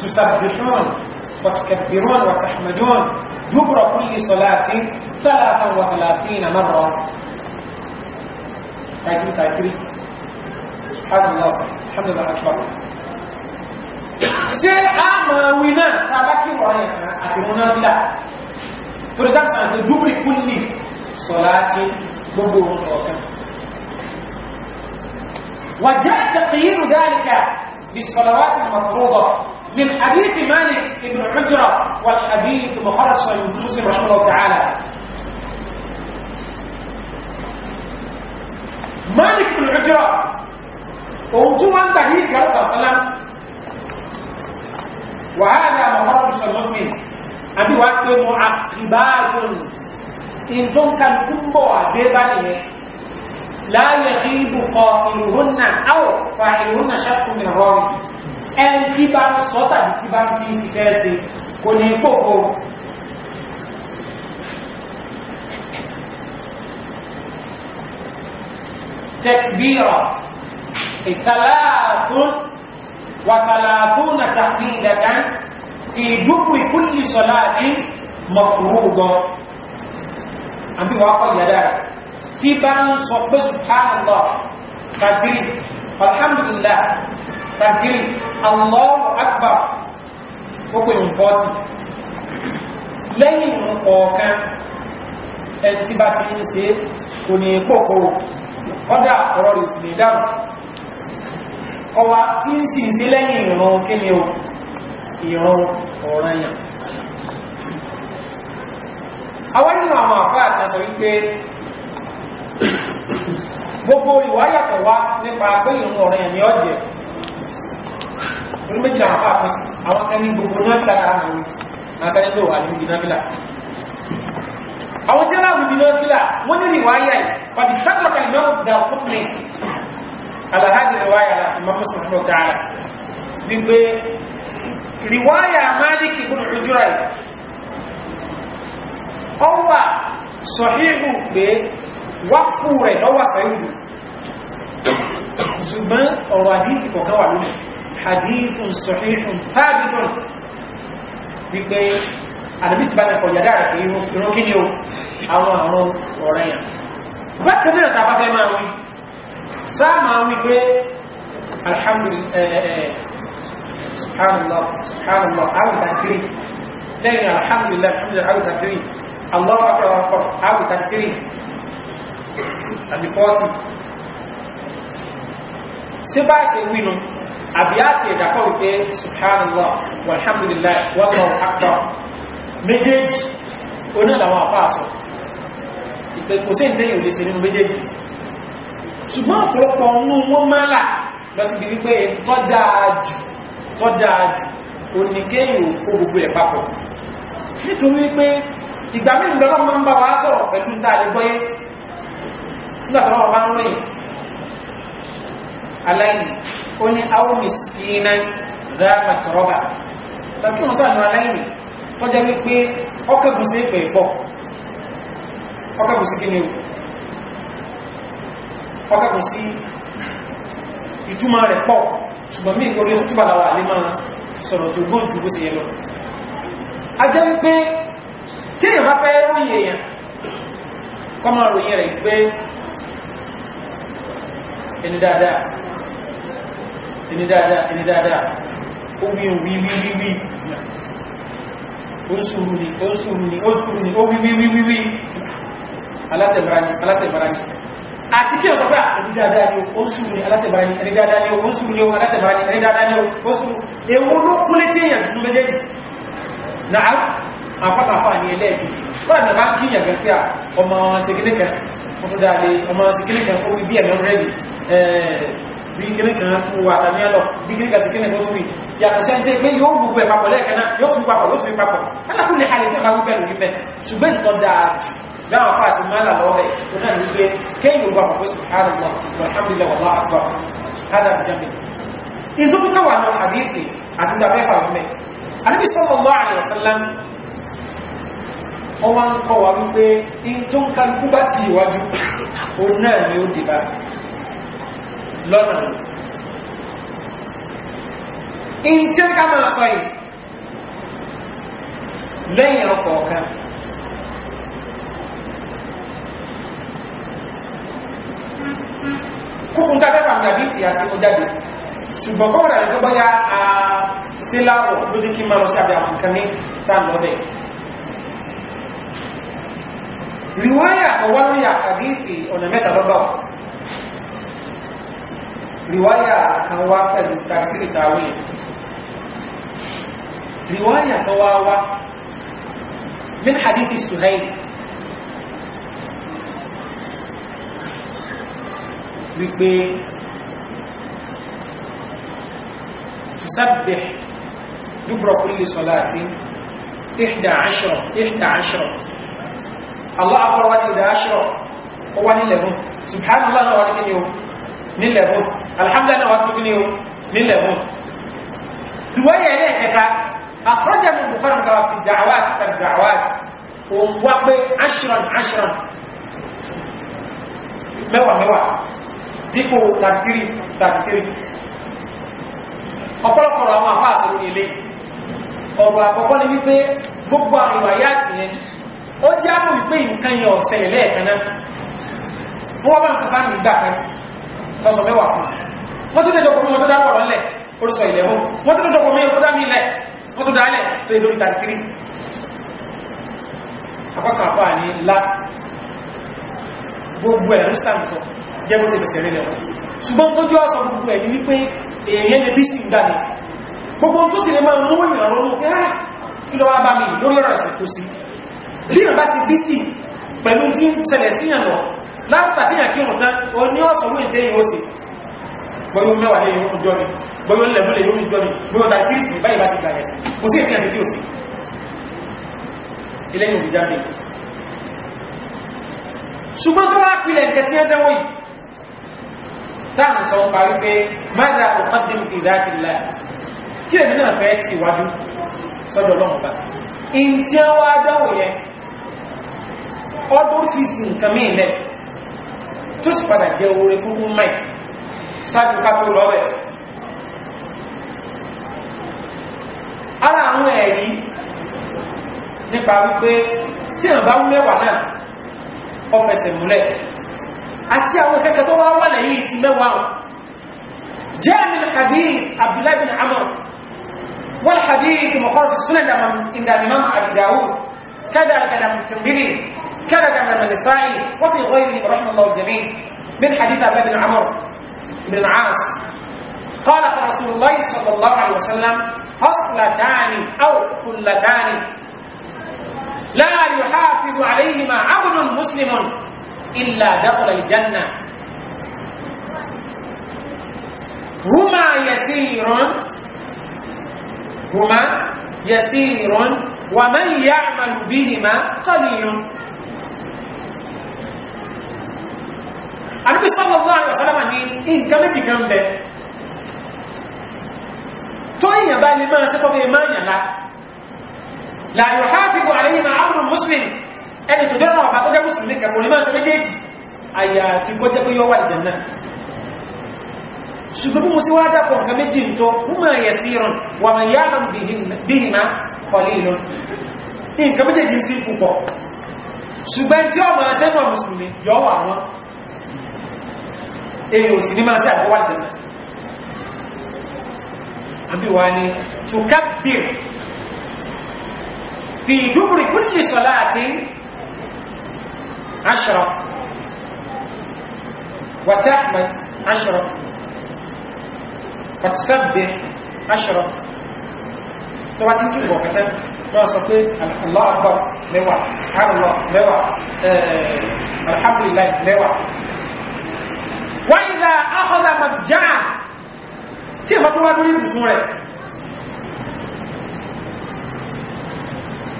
تسبحون وتكبرون وتحمدون دبر كل صلاة ثلاثا وثلاثين مرة تاكيد تاكيد سبحان الله الحمد لله أكبر ṣé a máa wí náà tàbá kí wọ́n rẹ̀ àti múná nílà tó dá sàǹtẹ̀ dúbìrì kúlì sọ̀rọ̀ àti gbogbo ohun ọ̀kan وجاء تقييد ذلك بالصلوات المفروضة من حديث مالك بن حجرة والحديث مخرج صحيح مسلم رحمه الله تعالى مالك بن حجرة òun tún wá ń gbà ní ìgbà ọ̀sán sálá وهذا مهرج المسلم àbí wàá pé mo àkìbáàdùn nǹkan kan túbọ̀ àgbé bá nìyẹn láàyè kí ibùkọ ìrún náà áwọ̀ fa ìrún náà ṣàkóso ìrọ̀rùn ẹn tí bá ń sọ tàbí tí bá ń fi ṣiṣẹ́ ṣe kò ní kókó tẹ̀kbíọ̀ ìtàláàtún وثلاثون تحميدة في دبر كل صلاة مفروضة أنت واقع يدار تبان صحب سبحان الله تكبير والحمد لله تكبير الله أكبر وكل فاتي lẹ́yìn ọ̀ọ̀kan ẹni tí bá ti ń ṣe kò ní kòkòrò kọ́dà ọ̀rọ̀ rẹ̀ sì ní dáhùn ọwa tí ń sì sí lẹ́yìn ìran kíni o ìran ọ̀ràn yàn àwọn nínú àwọn àfá àti àṣà wípé gbogbo ìwáyàtọ̀ wá nípa pé ìran ni ọ jẹ́ orí méjì àwọn àfá àfẹ́ àwọn ẹni gbogbo náfìlà ara àwọn àkàrí tó wà níbi náfìlà àwọn tí wọ́n ní ìwáyà yìí pàdé sátọ̀ kàlìmọ́ alahadi riwaya imam muslim rahimah ta'ala wípé riwaya maliki ibn ujura ó wà sọ̀híhù pé wákù rẹ̀ lọ́wà sẹ́yìdù ṣùgbọ́n ọ̀rọ̀ àdíkì kọ̀kan wà lónìí hadithun sọ̀híhùn thabitun wípé àdàbí ti bá ní ọjà dára pé irun kí ni o àwọn àwọn ọ̀rẹ́yàn bákan náà ta bá fẹ́ máa wí sáàmà wípé alhamdulillah eh, eh, eh, subhanallah subhanallah awùtàkiri lẹ́yìn alhamdulillah alhamdulillah awùtàkiri allah akọ̀rọ̀ awùtàkiri àbí 40 sí bá ṣe wínú àbí á ti ẹ̀dàkọ́ wípé subhanallah walhamdulillah wallahu akbar méjèèjì onílàwọn àfáàsọ̀ ìpẹ̀kùsí ìtẹ́yìn òlèsì nínú méjèèjì ṣùgbọ́n ọ̀pọ̀lọpọ̀ ọ̀nú wọn mọ́lá lọ sí ibi wípé tọ́dáàjù tọ́dáàjù oníkéyìn òkú gbogbo ẹ̀ papọ̀ nítorí wípé ìgbà mìíràn lọ́wọ́ máa ń bá wa sọ̀rọ̀ pẹ̀lú tá a lè gbọ́yé nígbà tó wọ́n bá ń ròyìn aláìní ó ní aomis iná dáàmà tọrọba tàbí wọn sáà ní aláìní tọ́jọ́ wípé ọkàgùn sí ìpè ìpọ̀ ọkàgùn sí kí ni o ọkàkùn sí ìtumọ̀ rẹ̀ pọ̀ ṣùgbọ́n mí orí túbàláwà lè máa sọ̀rọ̀ tó gó jù bó sì yẹ lọ a jẹ́ wípé tí èyàn bá fẹ́ ròyìn èyàn kọ́ máa ròyìn rẹ̀ pé ẹni dáadáa ẹni dáadáa ẹni dáadáa ó wí wí wí wí wí ó sùúrù ni ó sùúrù ni ó sùúrù ni ó wí wí wí wí alátẹ̀bára ni alátẹ̀bára ni àti kí o sọ pé ah, ẹni dáadáa ni ó ń sùn ní alátẹ̀bára ni ẹni dáadáa ni ó ń sùn ní ohun alátẹ̀bára ni ẹni dáadáa ni ó ń sùn ewu ló kún létí èèyàn tuntun méjèèjì náà àpápàpá ní ẹlẹ́ẹ̀kejì wọ́n àgbà kí èèyàn gẹ̀ pé ah, ọmọ ṣekílẹ̀ kan ó tó dáadé ọmọ ṣekílẹ̀ kan ó bí ẹ̀mí ọ̀rẹ́dì bí kíní kan kú wà tàbí ẹlọ bí kíní kan sí kíní kan túnbí yàtọ̀ sí ẹjẹ́ pé yóò gbogbo ẹ̀ papọ̀ lẹ́ẹ̀kan náà yóò tún papọ̀ yóò tún papọ̀ alákùnrin àlè fẹ́ máa wípẹ́ lórí bẹ́ẹ̀ ṣùgbọ́n ìtọ́ dáa dáwọn fásí mọ́lá lọ́rẹ̀ tó náà ní pé kéyìn bá fún sí ààrùn alhamdulillah wallahu akbar hada jami in tó túnkà wà náà hadithi àti dàbẹ́ fàfẹ́ Ànábì sallallahu alaihi wasallam ọwá ń kọ́ wa wípé in tó ń kálukú bá ti ìwájú ó náà lọ́nà in tí ó ká máa sọ lẹ́yìn ọkọ̀ ọ̀kan kókun tá fẹ́fà ní àdífì àti ó jáde ṣùgbọ́n kọ́ rẹ̀ tó bọ́yá a sí láàbọ̀ ló jẹ́ kí máa lọ sí àbí àwọn kan ní tàbí riwaya ọwọ́ lórí àdífì ọ̀nà mẹ́ta lọ́gbà riwaya kan wá pẹ̀lú tàbí tàwí riwaya kan wá wá min hadithi suhaili wípé tusabbih dubra kulli salati ihda ashra ihda ashra Allah akbar wa ihda ashra ó wá nílẹ̀mú subhanallah náà wà ní kíni o nílẹ̀mú alhamdulillah náà wà ní kíni o nílẹ̀mú duwaye ne ẹ̀ka akhrajahu bukhari kala fi da'awat kan da'awat o wá pé ashran mẹ́wàá mẹ́wàá dípò 33 33 ọ̀pọ̀lọpọ̀ àwọn àfáà sí orí ilé ọ̀rọ̀ àkọ́kọ́ ni wípé gbogbo àwọn ìwàyá àti yẹn ó jẹ́ àmú wípé nǹkan yẹn ọ̀sẹ̀lẹ̀ lẹ́ẹ̀kan náà wọ́n bá ń sọ sáàmì ìgbà kan tọ́sọ mẹ́wàá fún wọ́n tó dẹjọ́ kọmí wọ́n tó dáwọ̀ lọ́lẹ̀ orísọ ilẹ̀ hùn wọ́n tó dẹjọ́ kọmí tó dámì ilẹ̀ wọ́n tó dálẹ̀ tó yẹ lórí 33 apákan àfáà ní ńlá gbogbo ẹ̀ ń jẹ́ bó ṣe bẹ̀sẹ̀ rẹ̀ lọ ṣùgbọ́n tó jọ aṣọ gbogbo ẹ̀yìn wípé èèyàn lè bí sí ìgbàlè gbogbo tó sì lè máa mú ìrànlọ́ ah, ló pé áà kí lọ wá bá mi lórí ọ̀rọ̀ ẹ̀sẹ̀ kó sí bí ìrànlá sí bí sí pẹ̀lú tí ń ṣẹlẹ̀ síyàn lọ láti tàtíyàn kí wọn tán ó ní ọ̀sán ló ń tẹ́ ìhó sí bọ́yọ́ mẹ́wàá lè yóò jọ mi bọ́yọ́ lẹ̀mú táà ń sọ parí pé mẹ́ta kò tọ́ dín ìdá ti láì kí èmi náà fẹ́ ti wájú sọ́dọ̀ ọlọ́run bá in tí ó wá dánwò yẹn ọdún fi sí nǹkan mí ilẹ̀ padà jẹ́ oore fún mú mẹ́ ṣáájú ká tó lọ́wẹ̀ ara àwọn nípa wípé tí àwọn bá mú mẹ́wàá náà ọ fẹsẹ̀ múlẹ̀ àti àwọn kẹ́kẹ́ tó wá wà leyi ti mẹ́wàá jẹ́ min hadith abdullah bin amr wal hadith sunan imam mọ̀kọ́rọ̀ sí sunan ìdàmìmọ́ kada kẹ́dà kẹ́dà kada كذا كان من النسائي وفي غيره رحمه الله min hadith abdullah bin amr bin al-aas قال رسول الله صلى الله عليه وسلم فصلتان او كلتان لا يحافظ عليهما عبد مسلم إلا دخل الجنة هما يسير هما يسير ومن يعمل بهما قليل النبي صلى الله عليه وسلم قال إن كم تكلم به توي يا بني ما سكوا بإيمان لا لا يحافظ عليهما عمر المسلم ẹni tó jẹ́rọ àbá tó jẹ́ mùsùlùmí kẹkọ̀ọ́ ní máa ṣe méjèèjì àyà àti kọ́ jẹ́ pé yọ́ wà ìjẹ̀ náà ṣùgbọ́n bí mo sí wájá kan nǹkan méjì ń tọ́ wúmọ̀ ẹ̀yẹ sí ìrọ̀n wà máa yá lọ bìhìnà kọ̀lé ìlọ nǹkan méjèèjì sí púpọ̀ ṣùgbọ́n tí ọmọ ẹsẹ́ náà mùsùlùmí yọ wà wọn ní máa sí عشرة وتحمد عشرة وتسبح عشرة لو عايزين تجيبوا وقتا لو أستطيع الله أكبر لواء سبحان الله لو آه، آه، الحمد لله لواء وإذا أخذ مفجعة تيه ما تقولي بسمه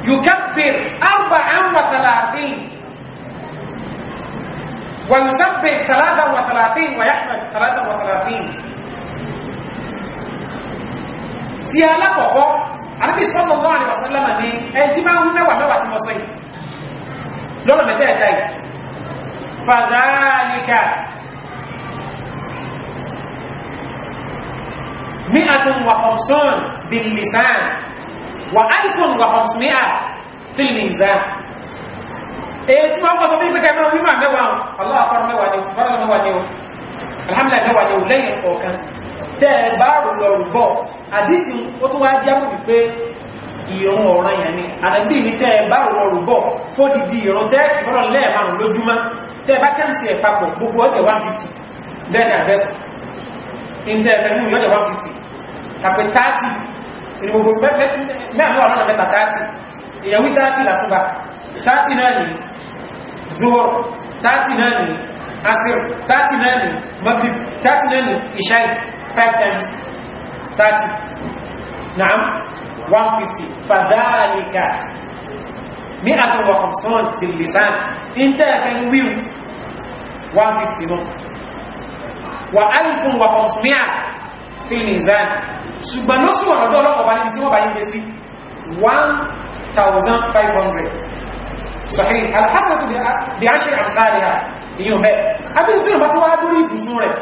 يكبر أربعا وثلاثين ويسبح 33 ويحمد 33 ti alákọ̀ọ́kọ́ anábì sallallahu alaihi wasallam ní ẹni tí máa ń mẹ́wàá mẹ́wàá tí mọ́ sọ yìí lọ́nà mẹ́tẹ̀ẹ̀ta yìí fadhalika mi'atun wa khamsun bil lisan wa alfun wa khamsmi'a fil mizan èyí tí wọ́n kọ́ sọ pé kẹfẹ́ wíwà mẹ́wàá Allah akbar mẹ́wàá ni òtùbára mẹ́wàá ni o alhamdulillah mẹ́wàá ni o lẹ́yìn ọ̀kan tẹ́ ẹ bá rùlọ rùbọ̀ àdísì ó tún wá jábù wípé ìrún ọ̀rọ̀ yẹn ni àdàbí ni tẹ́ ẹ bá rùlọ rùbọ̀ fódìdí ìrún tẹ́ kì fọ́nà lẹ́ẹ̀márùn lójúmọ́ tẹ́ ẹ bá tẹ́ǹsì ẹ̀ papọ̀ gbogbo ọ̀dẹ̀ 150 bẹ́ẹ̀ ni àbẹ́kù ìntẹ́ ẹ̀fẹ́ nínú yọ̀dẹ̀ 150 tàbí 30 ìrìngbogbo mẹ́rin ọ̀rọ̀ mẹ́ta 30 ìyàwó 30 làṣùgbà 30 náà nìyí zuhur 30 náà ní asir 30 náà ní maghrib 30 náà ní ishai 5 times 30 na'am 150 fadhalika ní àtúnwà kọmsán bilisan intẹ́ẹ̀kẹ́ ń wíw 150 náà wà alifun wà kọmsánmíà fi mizan ṣùgbọ́n ló súnwọ̀n lọ́dọ́ ọlọ́pàá níbi tí wọ́n bá yí 1500 sọ̀hìn alhassan bí a ṣe àtàríà èyàn mẹ́ abínití ìbá tó wá lórí ìbùsùn rẹ̀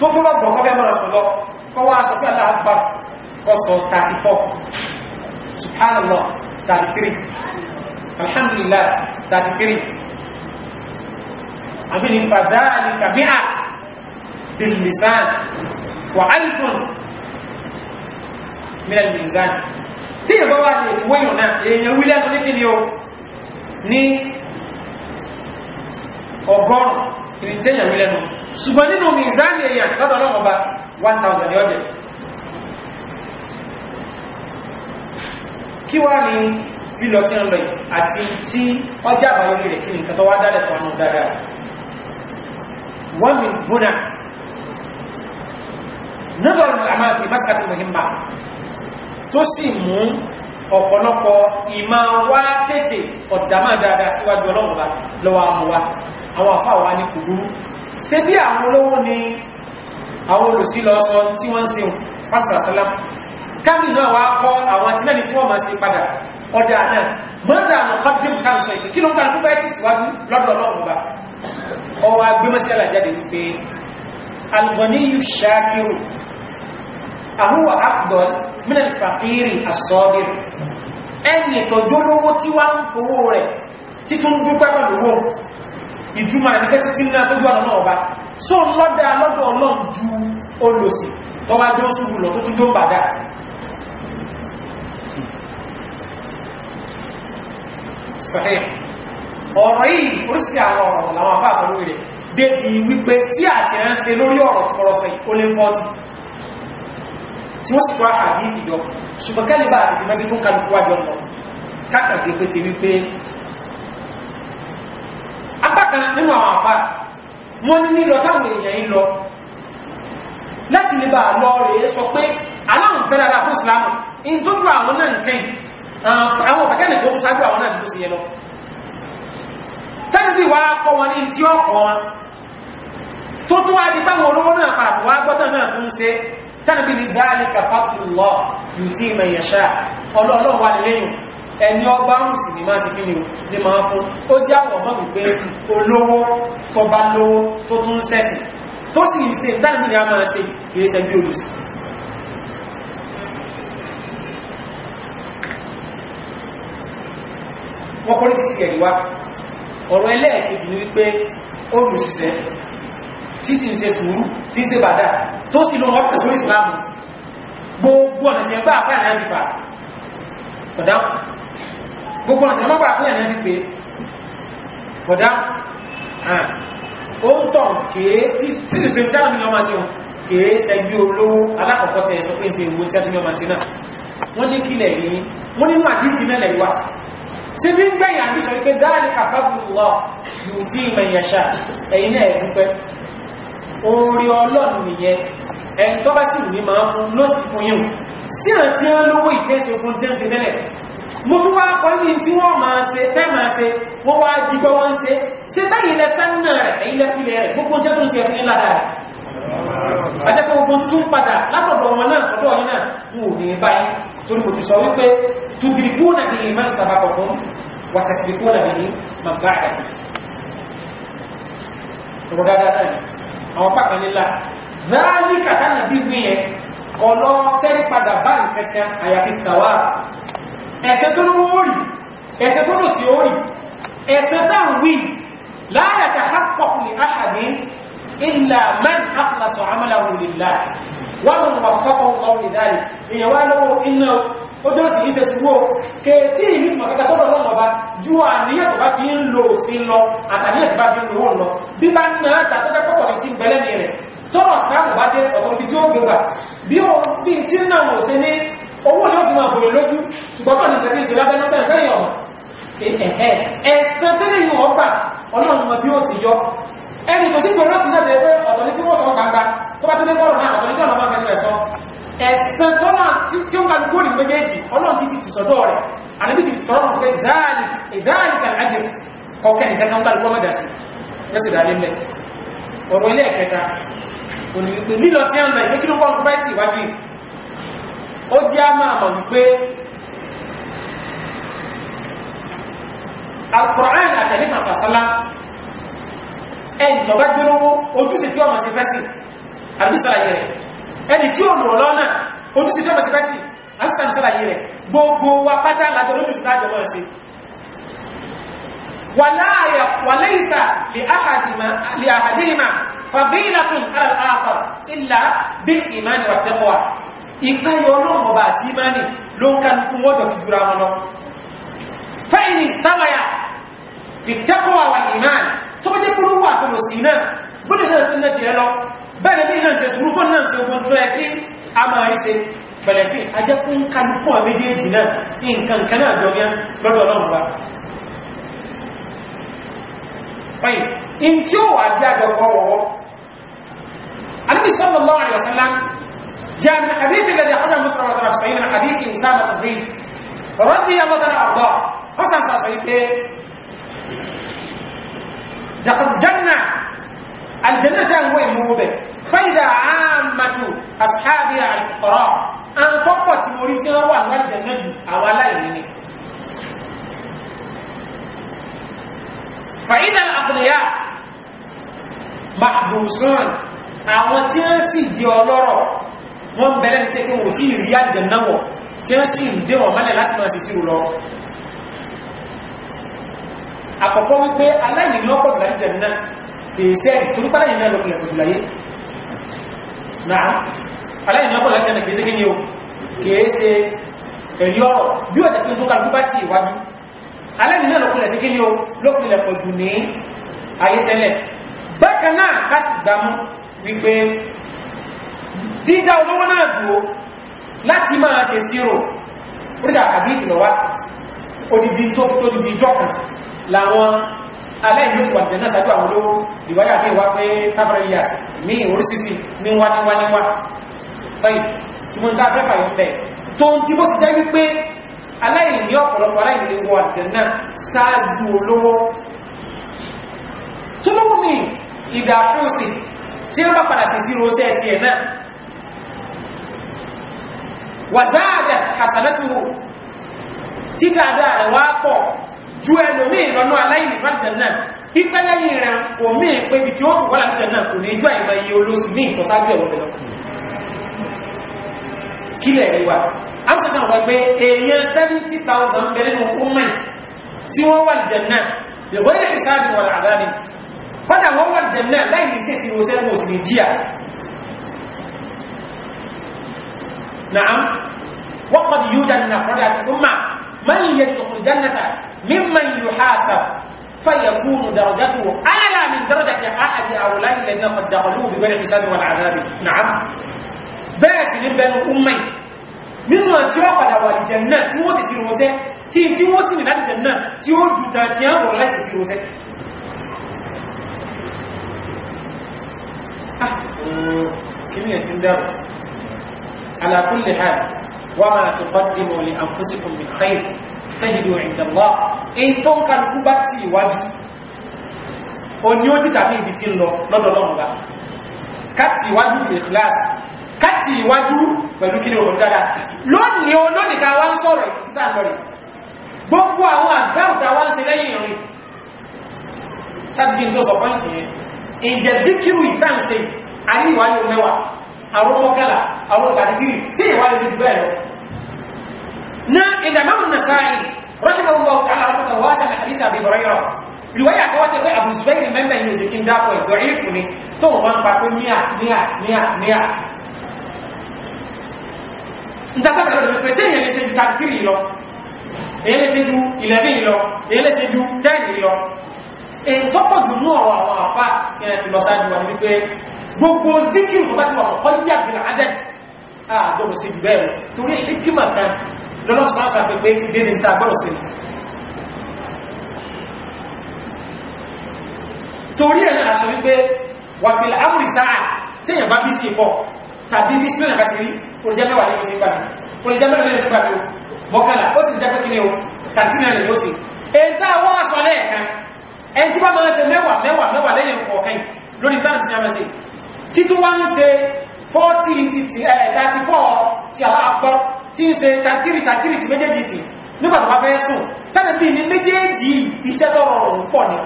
tó tó lọ́gbọ̀n kọ́ fẹ́ máa sọ̀lọ́ kọ́ wá sọ pé aláàgbà kọ́ sọ 34 subhanallah 33 alhamdulillah 33 àmìnì fàdáàlì kàmíà bilmisan wà alifun minal mizan tí ìbá wá lè wọ́yọ̀ náà èèyàn wílẹ̀ tó ní kí ni o ní ọgọ́rùn ìrìntẹ́yàn wí lẹ́nu ṣùgbọ́n nínú mìzáàni èèyàn lọ́dọ̀ náà ọba 1000 yọ́dẹ̀ kí wá ní lílọ tí ń lọ àti tí ọjà àbáyé rẹ̀ kí nìkan tó wá dálẹ̀ kan nù dáadáa wọ́n mi búnà nọ́dọ̀rọ̀ àmáàkì masakàtà muhimma tó sì mú ọ̀pọ̀lọpọ̀ ìmá wá tètè ọ̀dàmà dáadáa síwájú ọlọ́run bá lọ́wọ́ àmúwá àwọn àfáà wá ní kùgbúrú ṣe bí àwọn olówó ni àwọn olùsílọ́sọ tí wọ́n ń se pàtàkì kámi náà wá kọ́ àwọn tí lẹ́ni tí wọ́n máa ṣe padà ọjà náà mọ́dà àwọn kọ́dìm káàsọ̀ ìpè kí ló ń kà nípa ẹ̀tì síwájú lọ́dọ̀ ọlọ́run ọwọ́ agbémọ́sí alájáde wípé alùgbọ̀n ní yìí ṣáàkìrù àhúwà afdọ́lù mínà fàkírì àsọ́gìrì ẹni tọ́jú olówó tí wá ń fowó rẹ̀ títún dúpẹ́ pẹ̀lúwó ìjúmọ̀ rẹ̀ nígbẹ́ títí náà sójú ọ̀nà náà ọba só lọ́dà lọ́dọ̀ ọlọ́run ju olòsì tọ́wá jọ ṣubú lọ tó tún jọ ń bàdá sọ́hẹ́ ọ̀rọ̀ yìí oríṣìí àwọn ọ̀rọ̀ làwọn afáàsọ lórí rẹ̀ débi wípé tí àti ẹ̀ ń ṣe lórí ọ̀rọ̀ fọ́rọ̀sọ̀ ìkólé 40 tí wọ́n sì kọ́ àdífì jọ ṣùgbọ́n kẹ́lìbà àti mẹ́bí tó ń kàlùkù wájọ lọ kákàdé pété wípé apákan nínú àwọn àfá wọ́n ní lílọ táwọn èèyàn ń lọ láti lè bá lọ rẹ̀ sọ pé aláwọn fẹ́ dáadáa fún ìsìlámù in tó dúró àwọn náà nìkẹyìn àwọn ọ̀bẹ̀kẹ́lẹ̀ tó ṣáájú àwọn náà ló sì yẹ lọ tẹ́lẹ̀ bí wàá kọ́ wọn ní tí ọkọ̀ wọn tó tó wá di táwọn olówó náà pàtàkì wá gbọ́tọ̀ náà tó ń ṣe tàbí ní dáàlìkà fàtùlọ́ yìí tí ìmọ̀ ìyàṣá ọlọ́ọ̀lọ́ wà lẹ́yìn ẹni ọba ń sì ní máa sì kí ni o ní máa fún ó jẹ́ àwọn ọmọ wípé olówó tọba lówó tó tún sẹ́sì tó sì ṣe tàbí ní a máa ṣe kìí ṣe bí olùsì wọ́n kọ́ ní sísì ẹ̀rí wá ọ̀rọ̀ ẹlẹ́ẹ̀kejì ni wípé tí sì ń ṣe sùúrù tí ń ṣe bàdá tó sì lọ wọ́n tẹ̀sí ìsìláàmù gbogbo ọ̀nà tí ẹgbà àpá ìrìn àti fà ọ̀dá gbogbo ọ̀nà tí ẹgbà àpá ìrìn àti pé ọ̀dá ó ń tọ̀ kèé tí sì ṣe jáà ní ọmọ sí wọn kèé sẹgbí olówó alákọ̀ọ́kọ́ tẹ̀ sọ pé ń ṣe ìwò tí a tún yọmọ sí náà wọ́n ní kílẹ̀ ní wọ́n nínú àdíjì náà lẹ́yìn wa ṣe bí ń gbẹ̀yìn àdíjọ pé kàfàbùn lọ yóò tí ìmọ̀ ẹ̀yìn náà orí ọlọ́run nìyẹn ẹni tó bá sì ní máa fún ló sì fún yíò sí à tí wọ́n lówó ìkéṣe ogun tí ń ṣe tẹ́lẹ̀ mo tún wá kọ́ ní tí wọ́n máa ṣe tẹ́ máa ṣe wọ́n wá jígbọ́ wọ́n ń ṣe ṣe bá ilẹ̀ sánà rẹ̀ ẹ̀yìn lẹ́fílẹ̀ rẹ̀ gbogbo jẹ́ tó ń ṣe ẹ̀fún ní ládàá rẹ̀ adẹ́kọ̀ ogun tún padà látọ̀dọ̀ wọn náà sọ́dọ̀ yìí náà wò ní báyìí torí kò ti sọ wípé tubirikú náà ní ìmọ̀ ìsàbàkọ̀ fún wàtàsirikú náà ní màbáyà àwọn pàkan nílá ráàlì kàtàna bí wí yẹn ọ̀lọ́ sẹ́rí padà bá ìkẹta àyàfi tàwà ẹ̀sẹ̀ tó ló wórì ẹ̀sẹ̀ tó ló sí órì ẹ̀sẹ̀ táà wí láàrẹ̀ tàhákọ̀kùnlé áhàdé إلا من أخلص عمله لله ومن ojú sí iṣẹ́ sí wó kèétí ìlú mọ̀kàkà sọ́rọ̀ lọ́nà ọba ju àníyàn tó bá fi ń lo òsìn lọ àtàníyàn tó bá fi ń lo òun lọ bí bá ń náà tàtọ́jẹ́ pọ̀pọ̀ ní ti ń bẹ̀lẹ́ ní rẹ̀ tọ́rọ̀ sáàmù bá dé ọ̀tọ̀ ibi tí ó gbégbà bí ó bí tí ń náà òsìn ní owó ni ó fi máa bòrè lójú ṣùgbọ́n náà nígbà tí ìṣẹ́ lábẹ́ náà sẹ́yìn kẹ́yìn ọ̀mọ̀ ẹ̀sán tẹ́lẹ̀ yìí wọ́n gbà ọlọ́run mọ bí ó sì yọ ẹni kò sí gbòòrò láti náà bẹ̀rẹ̀ pé ẹ̀sẹ̀ tọ́nà tí ó kàlùkù ní méjèèjì ọlọ́run ti fi ti sọ́dọ̀ rẹ̀ àníbí ti sọ́rọ̀ fẹ́ záàlìkà ajẹ́ ọkẹ́ ìtẹ́kan kàlùkù ọmọdé sí yẹ́sì dálé mẹ́ ọ̀rọ̀ ilé ẹ̀kẹta onígbé lílọ tí a ń bẹ̀ kí ló kọ́ fẹ́ sí ìwádìí ó jẹ́ a máa mọ̀ wípé Al-Qur'an àtẹ̀lé kan sàsálá ẹni tọ́gbá jẹ́ lówó ojúṣe tí ọmọ sí fẹ́ sí àbísàlàyé rẹ̀ ẹni tí ó lò lọ́nà ojúṣe tí ó mọ̀ sí pẹ́sì asùsàn sálàyé rẹ̀ gbogbo wa pátá látọ̀ lójúṣe láàjọ lọ sí wàláìsà lè àhàdìmà fàbílàtún aláàkọ̀ ìlà bí ìmáni wà tẹ́kọ̀wà ìpáyọ ọlọ́mọba àti ìmáni ló ń kàlùkù wọ́jọ̀ fi jura wọn lọ fẹ́ìní stáwàyà fi tẹ́kọ̀wà wà ìmáni tó jẹ́ kúrú wà tó náà gbọ́dẹ̀ náà náà ti rẹ lọ bẹ́ẹ̀ a máa rí ṣe bẹ̀rẹ̀ sí ajẹ́ fún kanúkọ́ méjèèjì náà nǹkankan náà jọmíá lọ́dọ̀ ọlọ́run wa fẹ́yìn in tí ó wà jẹ́ àjọpọ̀ wọ̀wọ́ alẹ́bí sallallahu alaihi wasallam jẹ́ àdíkì lẹ́dẹ̀ ọjọ́ musulman wata rafi sọ́yìn àdíkì ìsáàmà tó sẹ́yìn rọ́dí ya mọ́tara ọ̀dọ́ ó sàn sọ sọ́yìn pé jàkàtù janna aljanna ta ń wọ́ ìmú bẹ̀ fẹ́ìdà àmàjò àṣáàbí àlùkọ́rọ̀ àwọn tó pọ̀ tí mo rí tí wọ́n wà lálẹ́ mẹ́jù àwọn aláìní ni fẹ́ìdà àgbìyà mahbusan àwọn tí wọ́n sì di ọlọ́rọ̀ wọ́n bẹ̀rẹ̀ ní tẹ́kùn ò tí ìrí àjẹ̀náwọ̀ tí wọ́n sì ń dé wọn mọ́lẹ̀ láti máa ṣiṣẹ́ lọ àkọ́kọ́ wípé aláìní lọ́pọ̀ ìlàjẹ̀ náà fèsẹ́ ìtorípàlẹ̀ ìlànà ìlànà náà aláìní ọkọ̀ láti ẹnà kìí kí o kìí ṣe ẹ̀rí ọ̀rọ̀ bí ó tẹ̀kí tó kàrùkú bá ti ìwájú aláìní náà lókùnlẹ̀ sí kí ni o lókùnlẹ̀ pọ̀ jù ní ayé tẹ́lẹ̀ bákan náà ká sì gbámú wípé dídá olówó náà dúró láti máa ṣe sírò oríṣà àbí ìlọ́wà odidi tó fi tó didi ìjọ kan làwọn aláìní ó ti wà jẹ́ náà sáájú àwọn olówó ìwáyà fi wá pé five years ní orísìsì ní wá ní wá ní wá lẹ́yìn tí mo ń dá afẹ́fà yìí bẹ̀ tó ń tí bó sì jẹ́ wípé aláìní ọ̀pọ̀lọpọ̀ aláìní wọ àjẹ́nà ṣáájú olówó tó lówó mi ìdàkúsì tí ó bá padà sí sí rosé ẹ̀tì ẹ̀ náà wàzáàdà kàsàlẹ́tìwò títà dáa wá pọ̀ ju ẹlòmí ìrọ̀nà aláìní wọ àjẹ́nà pípẹ́ lẹ́yìn rẹ̀ omi pé ibi tí ó tù wọ́lá níjẹ̀ náà kò ní ìjọ ìmọ̀ iye olóòsì ní ìtọ́sájú ẹ̀wọ̀n bẹ̀lọ kílẹ̀ rí wa a sọ sàn wà èèyàn 70,000 bẹ̀rẹ̀ nù ọmọ tí wọ́n wà jẹ̀ náà lẹ́wọ́n ilẹ̀ ìsáàdì فيكون درجته أعلى من درجة أحد هؤلاء الذين قد دخلوه بغير حساب والعذاب نعم بس بنو أمي من ما تيوب على والجنة تيوس سيروسة تي تيوس من الجنة تيوس تاتيان تيان ولا سيروسة كم يتم على كل حال وما تقدموا لأنفسكم من خير tajidu ìdàlá èyí tó ń kàlùkù bá ti ìwájú o ní ó ti tàbí ibi tí ń lọ lọ́dọ̀ lọ́rùn bá káti ìwájú pẹ̀lú kíláàsì káti ìwájú pẹ̀lú kí ni òun dára lónìí o lónìí ta wá ń sọ̀rọ̀ ìta lọ́rẹ̀ gbogbo àwọn àgbáwò ta wá ń ṣe lẹ́yìn rìn sáàdìdì tó sọ na Imam Nasa'i rahimahullahu ta'ala rabbaka wasa na hadith Abi Hurairah riwaya ko wata kai Abu Zubair men ban ne jikin da ko da'if ne to wan ba ko niya niya niya niya nda ta ka ko se ne se ta kiri lo ele se du 11 lo ele se du 10 lo en to ko du no wa wa fa ti na ti lo sa du wa ni pé gbogbo zikiru ko ba ti wa ko ya bil adad ah do se du be torí hikima kan lọ́lọ́ sáàsà pé pé dédé ta gbọ́rọ̀ sí torí ẹ̀nà àṣọ wípé wàfíìlà áwùrì sáà tí èyàn bá bí sí ipọ̀ tàbí bí sílẹ̀ bá sí rí olùjẹ́mẹ́wà lè sí gbàmí olùjẹ́mẹ́wà lè sí gbàmí mọ́kànlá ó sì jẹ́ pé kí ni o tàbí náà lè ló sí èyí tá àwọn aṣọ lẹ́ẹ̀kan ẹni tí bá máa ń ṣe mẹ́wàá mẹ́wàá mẹ́wàá lẹ́yìn ọ̀kan lórí táàmì sí àmẹ́sẹ̀ títún wá ń ṣe 40 34 ti àlápọ̀ tí ń ṣe takiri takiri ti méjèèjì ti nígbàtí wọ́n fẹ́ sùn tẹ́lẹ̀ bí ní méjèèjì iṣẹ́ tọrọ ọ̀rùn pọ̀ ni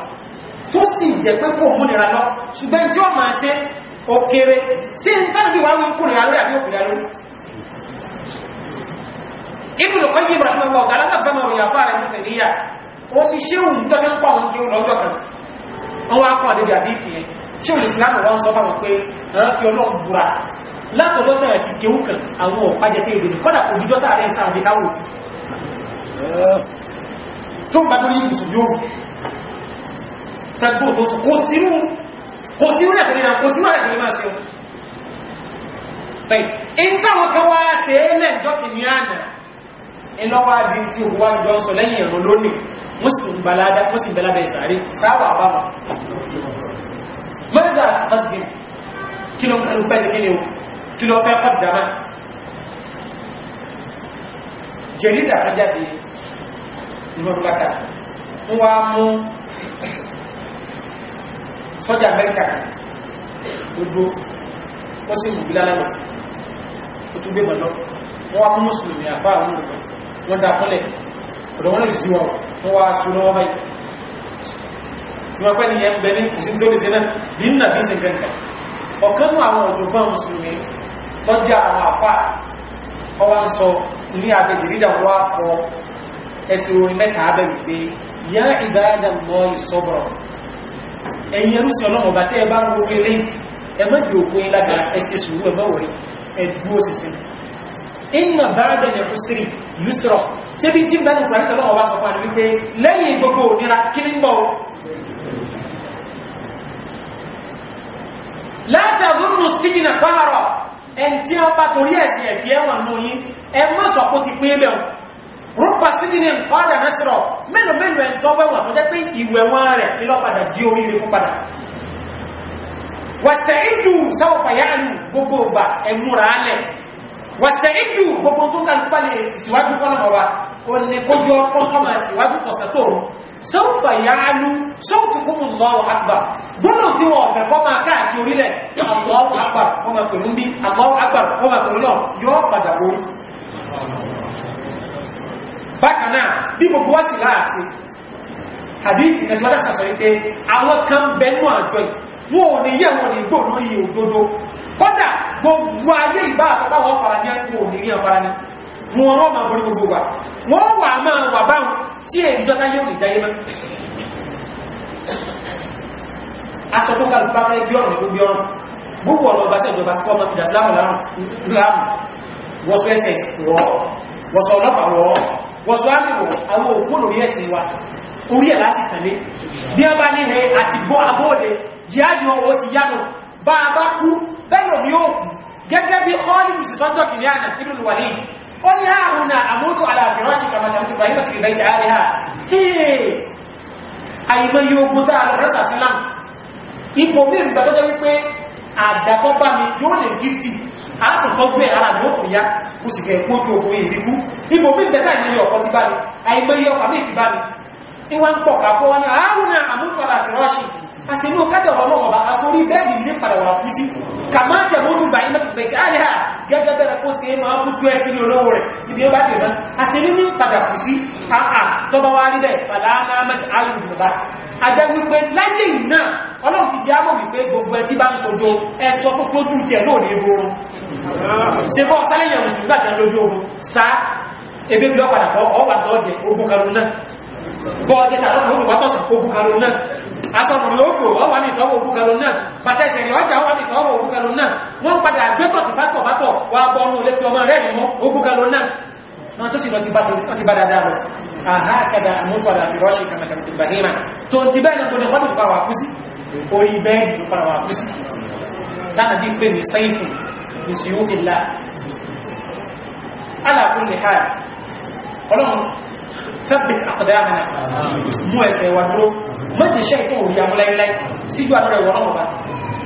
tó sì jẹ́ pé kò múnira lọ ṣùgbọ́n tí ó máa ṣe òkèrè sí tẹ́lẹ̀ bí wọ́n kúrìnrà lórí àbí òkèrè lórí ibùdó kọ́ yìí ìbùdó lọ́wọ́ ọ̀gá látàfẹ́ mọ̀ òyìn àfáà rẹ̀ mẹ́fẹ̀ níyà ó ní ṣé òun tó ti ń pọ̀ òun kí ó lọ́jọ́ kan wọ́n wá pọ̀ débi àbí ìfìyẹn ṣé òun ìsìlámù wọn sọ fáwọn pé rántí ọlọ́run búra látọ̀lọ́tà àti kéúkàn àwọn ọ̀pájẹtẹ́ ìbìnú kọ́dà òjìdọ́ta rẹ̀ sáàbí káwò tó ń bá lórí ìbùsùn yóò sàgbò tó sọ kò sírú kò sírú àtìrìnà kò sírú àtìrìnà máa sẹ́wọ́n fẹ́ in táwọn kan wá ṣe é lẹ́jọ́ kìíní àná ẹlọ́wọ́ adì tí ó wá balada muslim balada isari sáwà bá wọn mẹ́ta àti kí ló ń kí lọ fẹ́ kọ́dàmá jẹ̀rídà kan jáde ìmọ̀lúkátà ń wá mú sọ́jà amẹ́ríkà kan lójú ó sì mú bílá lánà ó tún gbé mọ̀ lọ wọ́n wá fún mùsùlùmí àfá àwọn olùkọ́ wọ́n dá kọ́lẹ̀ ọ̀dọ̀ wọn lè sí wọn wọ́n wá sí lọ́wọ́ báyìí tí wọ́n pẹ́ ni yẹn bẹ ní kùsí tó lè ṣe náà bí nà bí ṣe gẹ̀ǹkà ọ̀kan mú àwọn ọ̀jọ̀gbọ́n mùsùlùmí tọ́jà àwọn àfà ọwá ń sọ ní abẹ́jìrídà wá fọ ẹsẹ̀ orin mẹ́ta abẹ́ wípé yá ìbáadà lọ ìsọ́bọ̀rọ̀ ẹ̀yìn ẹrú sí ọlọ́mọ̀ bá tẹ́ bá ń wo kéré ẹmọ́jì òkú ìlàgbà ẹsẹ̀ sùúrù ẹmọ́wọ̀rí ẹ̀dú òsìsìn inna báadà ní ẹkùsírì yusrọ̀ ṣe bí tí bẹ́ẹ̀ nípa nípa ọba sọ fún àdúgbò pé lẹ́yìn gbogbo ònira ẹn a wọ́n bá torí ẹ̀sìn ẹ̀fì ẹ̀wọ̀n lóyìn ẹ má sọ pé ó ti pé lẹ̀ rúpa síbi ní nǹkan ọ̀dà náà sọ̀rọ̀ mélòó mélòó ẹ̀ ń tọ́ wẹ̀wọ̀n tó jẹ́ pé ìwẹ̀ wọn rẹ̀ ní lọ́padà di oríire fún padà wàsẹ̀ ìdù sáwọ̀ fàyàlù gbogbo ọgbà ẹ̀múra alẹ̀ wàsẹ̀ ìdù gbogbo tó kàlùpàlẹ̀ síwájú fọ́nà ọba ò ní kójọ sọ́ọ̀fà yáálú sọ́ọ̀tù kún fún Allahu akbar gbọ́nà tí wọ́n ọ̀fẹ́ kọ́ máa káàkiri orílẹ̀ Allahu akbar wọ́n máa pẹ̀lú bí Allahu akbar wọ́n máa pẹ̀lú náà yóò padà borí bákan náà bí gbogbo wá sí láàṣí hadith ìgbẹ̀tìwádà sàṣọ wípé àwọn kan bẹnu àjọ wọn ò ní yẹ wọn ní gbò lórí òdodo kódà gbogbo ayé ìbá àṣọpá wọn fara ní ẹkùn òní rí ọ̀fara ní wọn rọ́ máa borí gbogbo wa wọn wà máa wà báwọn tí èyí jọta yóò lè dáyé mọ́ aṣọ tó kàlù bá fẹ́ gbíọ̀rùn tó gbíọ̀rùn gbogbo ọ̀nà ọba sẹ́jọba kọ́ ọmọ ìdá sílámù lárùn láàmù wọ́sọ ẹsẹ̀ wọ́ wọ́sọ ọlọ́pàá wọ́ wọ́sọ ámìwọ̀ àwọn òkú lórí ẹ̀sìn wa orí ẹ̀ láti tẹ̀lé bí a bá níhe àti bọ́ abóòdè jíájú owó ti yánu bá o bá kú bẹ́ẹ̀ lòmí ó kú gẹ́gẹ́ bí ọ́ọ́lì فلا هنا أموت على فراشي كما تموت بهيمة في بيت أهلها أي ما يوجد على الرسول صلى الله عليه وسلم ipò mi ń gbàtọ́jọ́ wípé àdàkọ́bá mi yóò lè gíftì àtọ̀tọ́ gbé ara ní òkùn ya kò sì kẹ́ kójú òkùn ìbíkú ipò mi ń bẹ̀ta ìmẹ́yẹ ọ̀pọ̀ ti bá mi àìmẹ́yẹ ọ̀pá mi ti bá mi ìwà ń pọ̀ kàpọ̀ wọn ni àárùn náà àmútọ́ àlàfẹ́ rọ́ṣì àṣìlú kájọ̀ ọ̀rọ̀ náà ọba asorí bẹ́ẹ̀dì ní padà wà kàmá tẹ̀mọ́tù bàyí mẹ́tù pẹ̀kẹ́ àríhà gẹ́gẹ́ bẹ̀rẹ̀ kó sí ẹmà ọkùn tó ẹ sí olówó rẹ̀ ibi ó bá dì náà a sì ní ní padà kù sí àà tọba wá rí bẹ́ẹ̀ fàlànà mẹ́tù alùbùbá àjẹ́ wípé láyé náà ọlọ́run ti jẹ́ àmọ́ wípé gbogbo ẹ ti bá ń sojo ẹ sọ fún tó dùn tiẹ̀ náà ní ebo oorun ṣe bọ́ sálẹ̀yàn mùsùlùmí àti lójú oorun sá ebe bí ọ̀padà asọ́kùnrin ó gbò wọ́n wà ní ìtọ́wò òkúkalò náà pàtẹ́sẹ̀ ìrìn ọjà wà ní ìtọ́wò òkúkalò náà wọ́n padà gbẹ́tọ̀ tí pásítọ̀ bá tọ̀ wà bọ́ ọmọ olè ọmọ rẹ̀ nínú òkúkalò náà wọ́n tó sì lọ ti bá dáadáa lọ àhákàdà àmójú àdà àti rọ́ṣì kàmàkàmà ti gbàhímà tó ti bẹ́ẹ̀ náà gbọdọ̀ fọ́dún pàwà kú sí orí bẹ́ẹ̀dì ló pàwà kú sí láàbí pé ní sẹ́yìnkù ní mọ́jẹ̀ iṣẹ́ ìtò òrí amúláìláì síjú àtúrẹ̀ wọ́n náà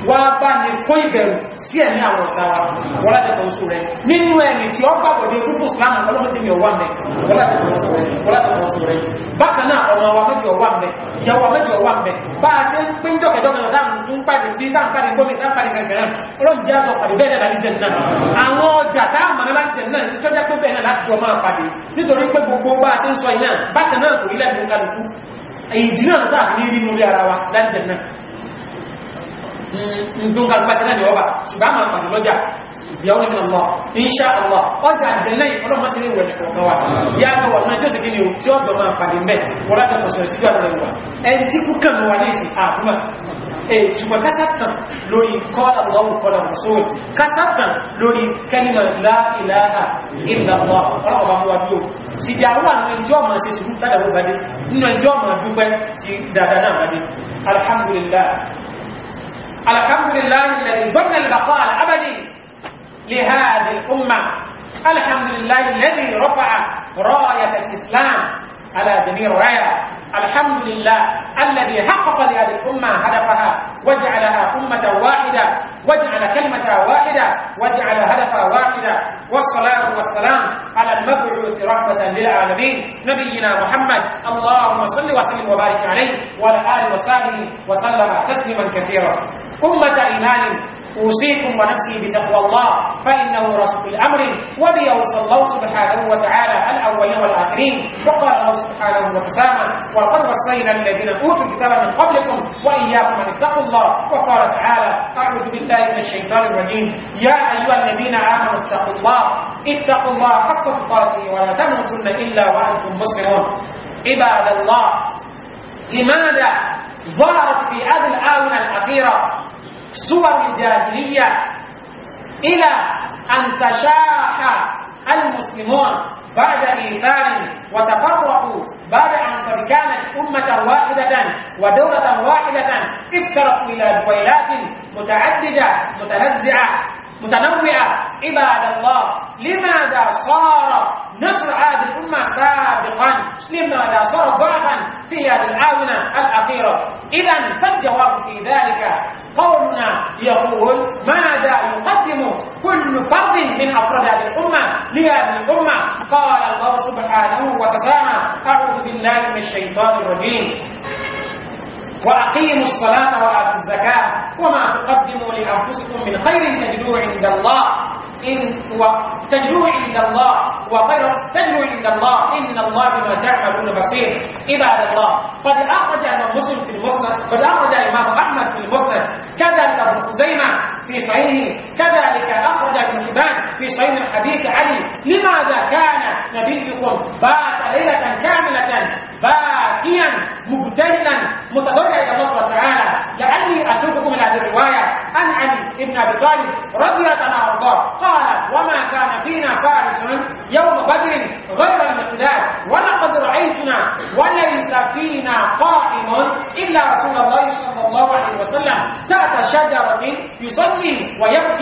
wá bá ní kó ìbẹ̀rù sí ẹ̀mí àwọn ọ̀gá wa wọ́n láti kọ̀ oṣù rẹ̀ nínú ẹni tí ó gbàgbọ̀dé rúfù islam ọlọ́mọdé mi ọwọ́ mẹ́ wọ́n láti kọ̀ oṣù rẹ̀ wọ́n láti kọ̀ oṣù rẹ̀ bákan náà ọmọ wa méjì ọwọ́ mẹ́ ìyàwó méjì ọwọ́ mẹ́ bá a ṣe ń pín jọ́kẹ̀jọ́kẹ̀ táwọn ń pàdé bí táwọn pàdé gómìn táwọn pàdé kankan ọlọ́run jẹ́ àtọ̀ pàdé bẹ́ẹ̀ náà láti jẹ́ náà àwọn ọjà táwọn mọ̀nà láti jẹ́ náà tọ́jà pé bẹ́ẹ̀ ìjìnà náà sáà ní ìrìnú rí ara wa láìjẹ̀ náà hmm. ǹdún ni ọba ṣùgbọ́n àwọn àpàdé lọ́jà ìbíyàwó nínú ọlọ́ inṣá ọlọ́ ọjà àjẹ́lẹ́ ọlọ́mọ́sílẹ̀ ìwẹ̀ nìkọ̀ọ̀kan ni o tí ó gbọ̀mọ̀ àpàdé mẹ́ wọ́lá tẹ́ mọ̀sẹ̀ sí ọ̀rọ̀ ìwà ẹni tí kú kàn wà ní ìsìn àkúmọ̀ ṣùgbọ́n kásátàn lórí kọ́lá lọ́wọ́ kọ́lá mọ̀sọ́wọ́ kásátàn lórí kẹ́lìmọ̀ láìláà ìlànà ọlọ́ọ̀bá mú wa bí sì di àwọn àwọn ẹnjọ́ ma ṣe sùúrù tàbí bàdé nínú ẹnjọ́ ma dúpẹ́ ti dada na bàdé alhamdulillah alhamdulillah alladhi dhanna al-baqa al-abadi li hadhihi al umma alhamdulillah alladhi rafa'a rayat al-islam ala jami' raya الحمد لله الذي حقق لهذه الأمة هدفها وجعلها أمة واحدة واجعل كلمتها واحدة واجعل هدفها واحدة والصلاة والسلام على المبعوث رحمة للعالمين نبينا محمد اللهم صل وسلم وبارك عليه وعلى آله وصحبه وسلم تسليما كثيرا أمة إيمان أوصيكم ونفسي بتقوى الله فإنه رسول الأمر وبي أوصى الله سبحانه وتعالى الأولين والآخرين وقال الله سبحانه وتسامى وقد وصينا الذين أوتوا الكتاب من قبلكم وإياكم أن اتقوا الله وقال تعالى أعوذ بالله من الشيطان الرجيم يا أيها الذين آمنوا اتقوا الله اتقوا الله حق تقاته ولا تموتن إلا وأنتم مسلمون عباد الله لماذا ظهرت في هذه الآونة الأخيرة صور الجاهلية إلى أن تشاح المسلمون بعد إيثار وتفرقوا بعد أن قد كانت أمة واحدة ودولة واحدة افترقوا إلى دويلات متعددة متنزعة متنوعة عباد الله لماذا صار نصر هذه الأمة سابقا لماذا صار ضعفا في هذه الآونة الأخيرة إذا فالجواب في ذلك قولنا يقول ماذا يقدم كل فرد من افراد هذه الامه لهذه الامه قال الله سبحانه وتعالى اعوذ بالله من الشيطان الرجيم واقيموا الصلاه واتوا الزكاه وما تقدموا لانفسكم من خير تجدوه عند الله إن وتجوع عند الله وخير تجوع عند الله إن الله بما تعملون بصير عباد الله قد أخرج الإمام مسلم في المسند قد أخرج الإمام أحمد في المسند كذلك أبو خزيمة في صحيحه كذلك أخرج ابن حبان في صحيح حديث علي لماذا كان نبيكم بات ليلة كاملة باكيا مبتلا شجرة يصلي ويبكي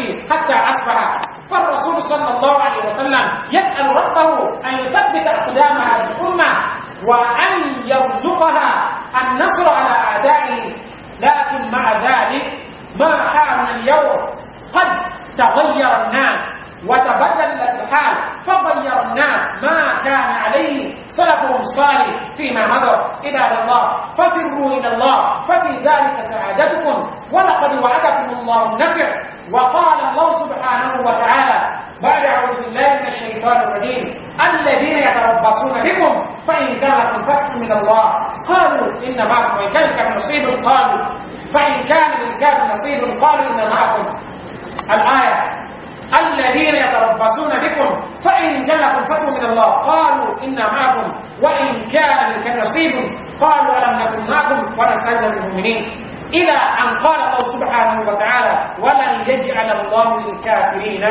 الكافرين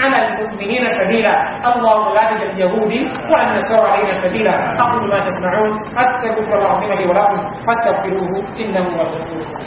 على المؤمنين سبيلا الله لا يجعل اليهود وان النصارى علينا سبيلا اقول ما تسمعون استغفر الله العظيم لي ولكم فاستغفروه انه هو الغفور